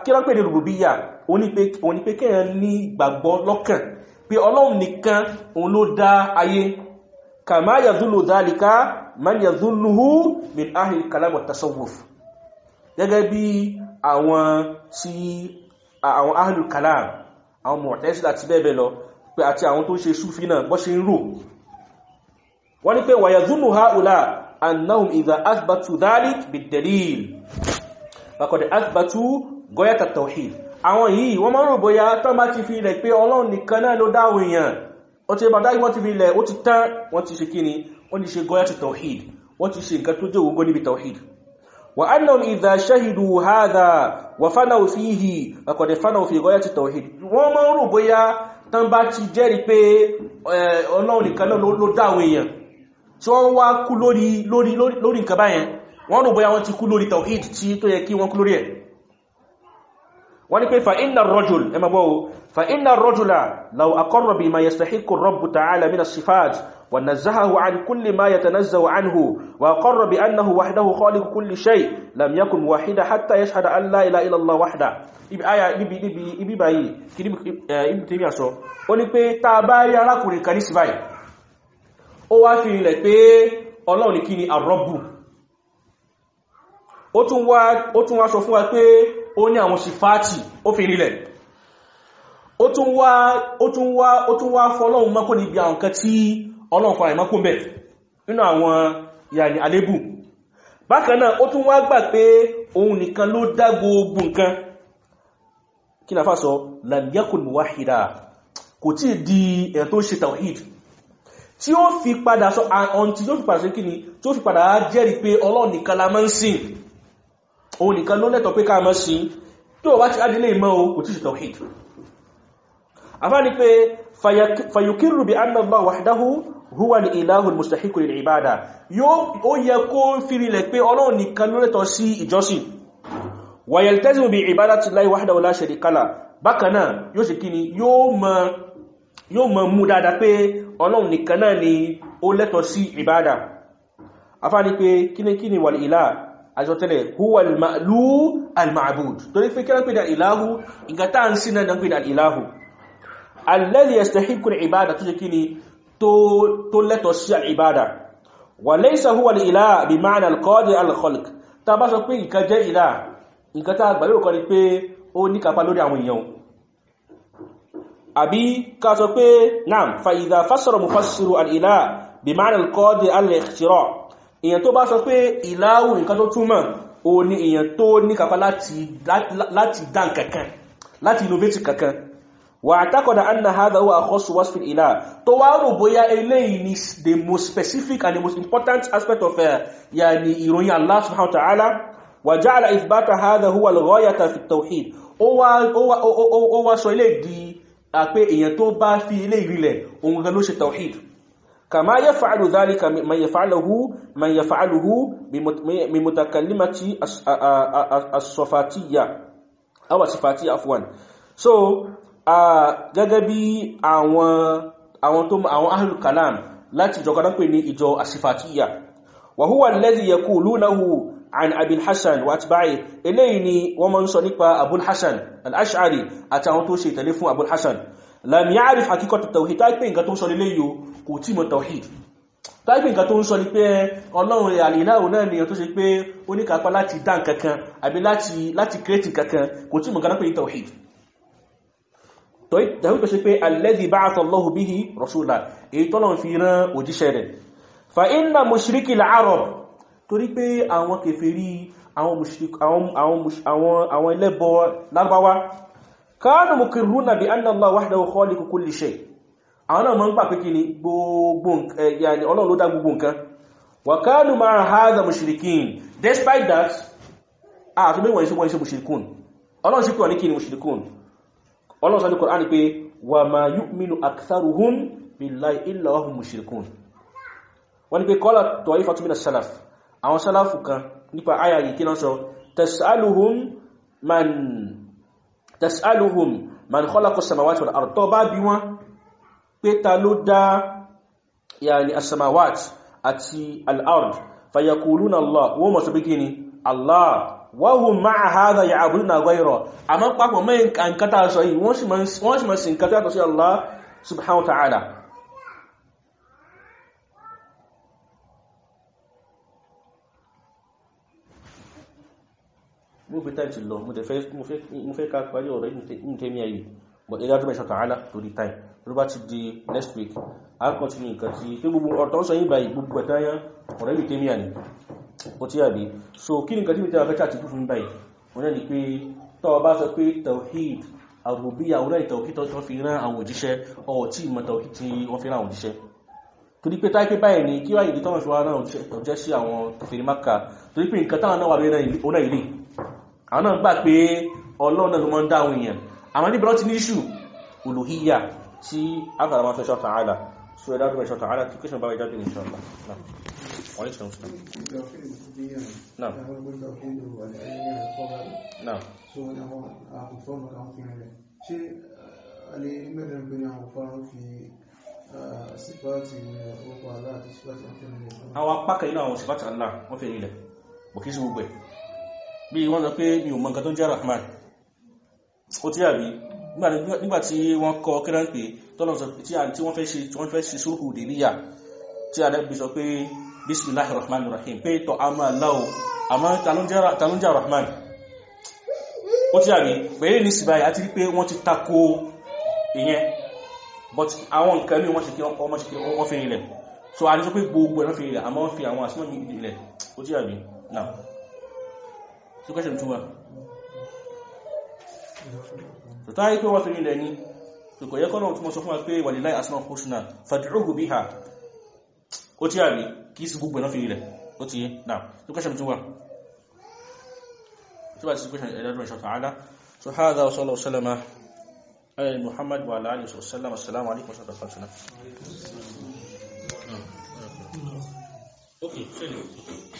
kí lọ́pẹ̀ ní rububiyya òun ni pé kéèyàn ní ìgbàgbọ́ lọ́kàn pé ọlọ́run man yadhunnuhu min ahli kalam wa tasawuf gẹ́gẹ́ bí àwọn tí àwọn ahli kalam àwọn mu'tazila àti bẹ́ẹ̀bẹ́ẹ̀ lọ pé àti àwọn tó ṣe súfí náà bọ́ ṣe ń rò wọ́n ní pé wa yadhunnu ha'ula annahum idha athbatu dhalik bid-dalil faqad athbatu ghayat at-tawhid àwọn yìí wọ́n máa ń rò bóyá tán bá ti fi ilẹ̀ pé ọlọ́run nìkan náà ló dáwò èèyàn ó ti bàdá wọ́n ti fi ilẹ̀ ó ti tán wọ́n ti ṣe kíni wọ́n ti ṣe gọ́yàtì tawhid wọ́n ti ṣe nǹkan tó jẹ́ ogun níbi tawhid wa annahum idha shahidu hadha wa fanaw fihi laqad fanaw fi gọ́yàtì tawhid wọ́n máa ń rò bóyá tán bá ti jẹ́rìí pé ọlọ́run nìkan náà ló dá àwọn èèyàn tí wọ́n wá kú lórí lórí lórí nǹkan báyẹn wọ́n rò bóyá ونزهه عن كل ما يتنزه عنه وأقر بأنه وحده خالق كل شيء لم يكن واحدا حتى يشهد أن لا إله إلا الله وحده ibi aya ibi ibi ibi báyìí kí ibi tèmi àṣọ ó ní pé tá bá rí arákùnrin kan ní sí báyìí ó wá fi ilẹ̀ pé ọlọ́run ní kí ni àrọ́bù ó tún wá sọ fún wa pé ó ní àwọn sífáàtì ó fi rílẹ̀ ó tún wá fọ́lọ́run mọ́kó níbi àwọn kan tí ọlọ́nkọ̀ àìmọ́kúnbẹ̀ nínú àwọn yàní alébù bákan náà ó tún wá gbà pé òun nìkan ló dá gbogbo nǹkan kí na fà sọ lamyakul muwahida kò tí di ẹ̀ tó ṣe tawhid tí ó fi padà sọ àǹtí tó fi padà sí kí ni tí ó fi padà jẹ́rìí pé Ọlọ́run nìkan la bi anna wahdahu huwa ni ilahul mustahiku lil ibada yóò ó yẹ kó firilẹ̀ pé ọlọ́run nìkan ló lẹ́tọ̀ sí ìjọsìn wa yaltazimu bi ibadati llahi wahdahu la sharika lah bákan náà yóò ṣe kíni yóò mọ yóò mọ mú dáadáa pé ọlọ́run nìkan náà ni ó lẹ́tọ̀ sí ìbádà afá ni pé kíníkíní wal ilah àjọtẹ́lẹ̀ huwa al-ma'lu al-ma'bud torí pé kí lápẹ́dà ìláhù ìgbàtà ń sí náà náà pẹ́dà ìláhù alladhi yastahiqqu al-ibada tó ṣe kíni tó lẹ́tọ̀ sí al-ibada wa laysa huwa al-ilah bi ma'na al-qadir al-khalq ta bá sọ pé nǹkan jẹ́ ìlà nǹkan tá àgbàlérò kan ni pé ó ní kapa lórí àwọn èèyàn àbí ká sọ pé naam fa idha fassara mufassiru al-ilah bi ma'na al-qadir al-ikhtira èèyàn tó bá sọ pé ìláhù nǹkan tó túmọ̀ ó ní èèyàn tó ní kapa láti dá nǹkan kan láti innovate kankan wà àtàkọ̀dà anna hadha huwa akhasu wasfi ilah tó wá rò bóyá eléyìí ni the most specific and the most important aspect of eh, yani ìròyìn Allah subhanahu wa ta'ala wà ja'ala ithbata hadha huwa al-ghayata fi tawhid ó wá sọ ilé di àpé èèyàn tó bá fi ilé ìrìnlẹ̀ ohun gan ló ṣe tawhid kama yaf'alu dhalika man yaf'aluhu man yaf'aluhu bi mutakalimati as-sifatiyya aw sifatiyya afwan so gẹ́gẹ́ bí àwọn tó àwọn ahlul kalam láti ìjọ kan pè ní ìjọ asifatiya wa huwa alladhi yaqulunahu an abil hassan wa atba'i eléyìí ni wọ́n mọ́ ń sọ nípa abul hassan al-ash'ari àti àwọn tó ṣe ìtẹ̀lé fún abul hassan lam ya'rif haqiqat at-tawhid táìpé nǹkan tó ń sọ nílé yìí kò ni tó ṣe pé ó ní kápá láti dá nǹkankan àbí láti create nǹkankan kò tí tàbí tó ṣe pé alladhi ba'atha Allahu bihi rasula èyí tọ́lọ̀ fi rán òjíṣẹ́ rẹ̀ fa inna mushriki al-arab torí pé àwọn kèfèrí àwọn ẹlẹ́bọ lágbáwá kanu muqirruna bi anna Allah wahdahu khaliqu kulli shay àwọn náà mọ́ ń pàpé kí ni eh, despite that ààfin mẹ́wọ̀n iṣẹ́ wọ́n iṣẹ́ mushrikun Ọlọ́run sí pé wọ́n ní kí ni mushrikun ọlọ́sọ ní Kùránì pé wà máa yu'minu aktharuhum billahi illa wa hum mushrikun wọ́n ní pé qala ta'ifatu mina salaf àwọn sálàfù kan nípa àyà yìí kí náà sọ tas'aluhum man tas'aluhum man khalaqa as-samawati wal ard tó bá bí wọ́n pé ta ló dá yàní as àti al fayakuluna Allah wọ́n mọ̀ wọ́hùn máa hádà yà àbúrú na gbáyìrọ̀ a mọ́ pápọ̀ mẹ́yìn kankata sọ yìí wọ́n sì mọ́ sí nkata Allah subhanahu ta'ala mú fi táì lọ mú fẹ́ káàkiri ayọ̀ rẹ̀ ní tẹ́mí ayé but ẹgbẹ́ tó mẹ́sàn ta'ala tó di táì ló bá ti di next week a continue nǹkan tí gbogbo ọ̀tọ́ sọ yìí báyìí gbogbo ẹ̀táyán ọ̀rẹ́ mi tẹ́mí ayé ó tí àbí so kí ni kàtí mítàrà kàtí àtìkú fún báyìí wọ́n náà ni pé tọ́ bá sọ pé tawhid àrùbíyà wọ́n náà tawhid tó fi rán àwọn òjíṣẹ́ ọ̀wọ̀ tí ìmọ̀ tawhid tí wọ́n fi rán àwọn òjíṣẹ́ torí pé táìpé báyìí ni kí wáyé ìdí tọ́wọ́n fi wá náà òjíṣẹ́ sí àwọn kèfèrí Mákà torí pé nǹkan táwọn náà wà lórí ọ̀nà ìlú àwọn náà gbà pé Ọlọ́run náà ló máa ń dá àwọn èèyàn àmọ́ níbi lọ́ti ní ìṣù olùhíyà tí àgbàlagbà fẹ́ ṣọ́ta àlà so ẹ̀dá tó fẹ́ ṣọ́ta àlà kí kí ṣe bá wáyé jáde ní ṣọ́ta وعليكم السلام نعم نعم الإيمان àwọn apákà inú àwọn sífàtì Allah wọ́n fẹ́ nílẹ̀ bọ̀kí sí gbogbo ẹ̀ bí wọ́n sọ pé mi ò mọ nǹkan tó ń jẹ́ Rahman ó tí àrí nígbàtí wọ́n kọ kíráǹpé tọ́lọ̀ tí wọ́n fẹ́ ṣe sùúrù dè tí adẹ́bí sọ pé bismillahir rahmanir rahim pé tọ́ a máa láwọ́ àmọ́ talóúnjẹ́ rahman ó ti àrí pẹ̀lú ní síbáyà àti wípé wọ́n ti tako ìyẹn but àwọn nǹkan ní wọ́n ṣe kí wọ́n fi ilẹ̀ so a ní sọ pé gbogbo ẹ̀rọ fi ilẹ̀ àmọ́ fi àwọn àsìmọ́ ilẹ̀ ó ti àrí now so question two one so táyé pé wọ́n fi ilẹ̀ ní so kò yẹ kọ́nà tí mo sọ fún wa pé wàlíláì asma husna fad'uhu biha ó tí àrí kìí sí gbogbo ẹ̀nà fi rẹ̀ ó ti yé náà tó kẹ́ṣẹ̀ tó wà tó bá ti kẹ́ṣẹ̀ ẹ̀dọ́dún ìṣọ̀tà àádá tó hádá ọ̀sọ́lọ̀ sálẹ́mà ẹ̀yìn Muhammad wà láàrín sọ̀sálẹ́mà sálẹ́mà alékùn sọ̀tà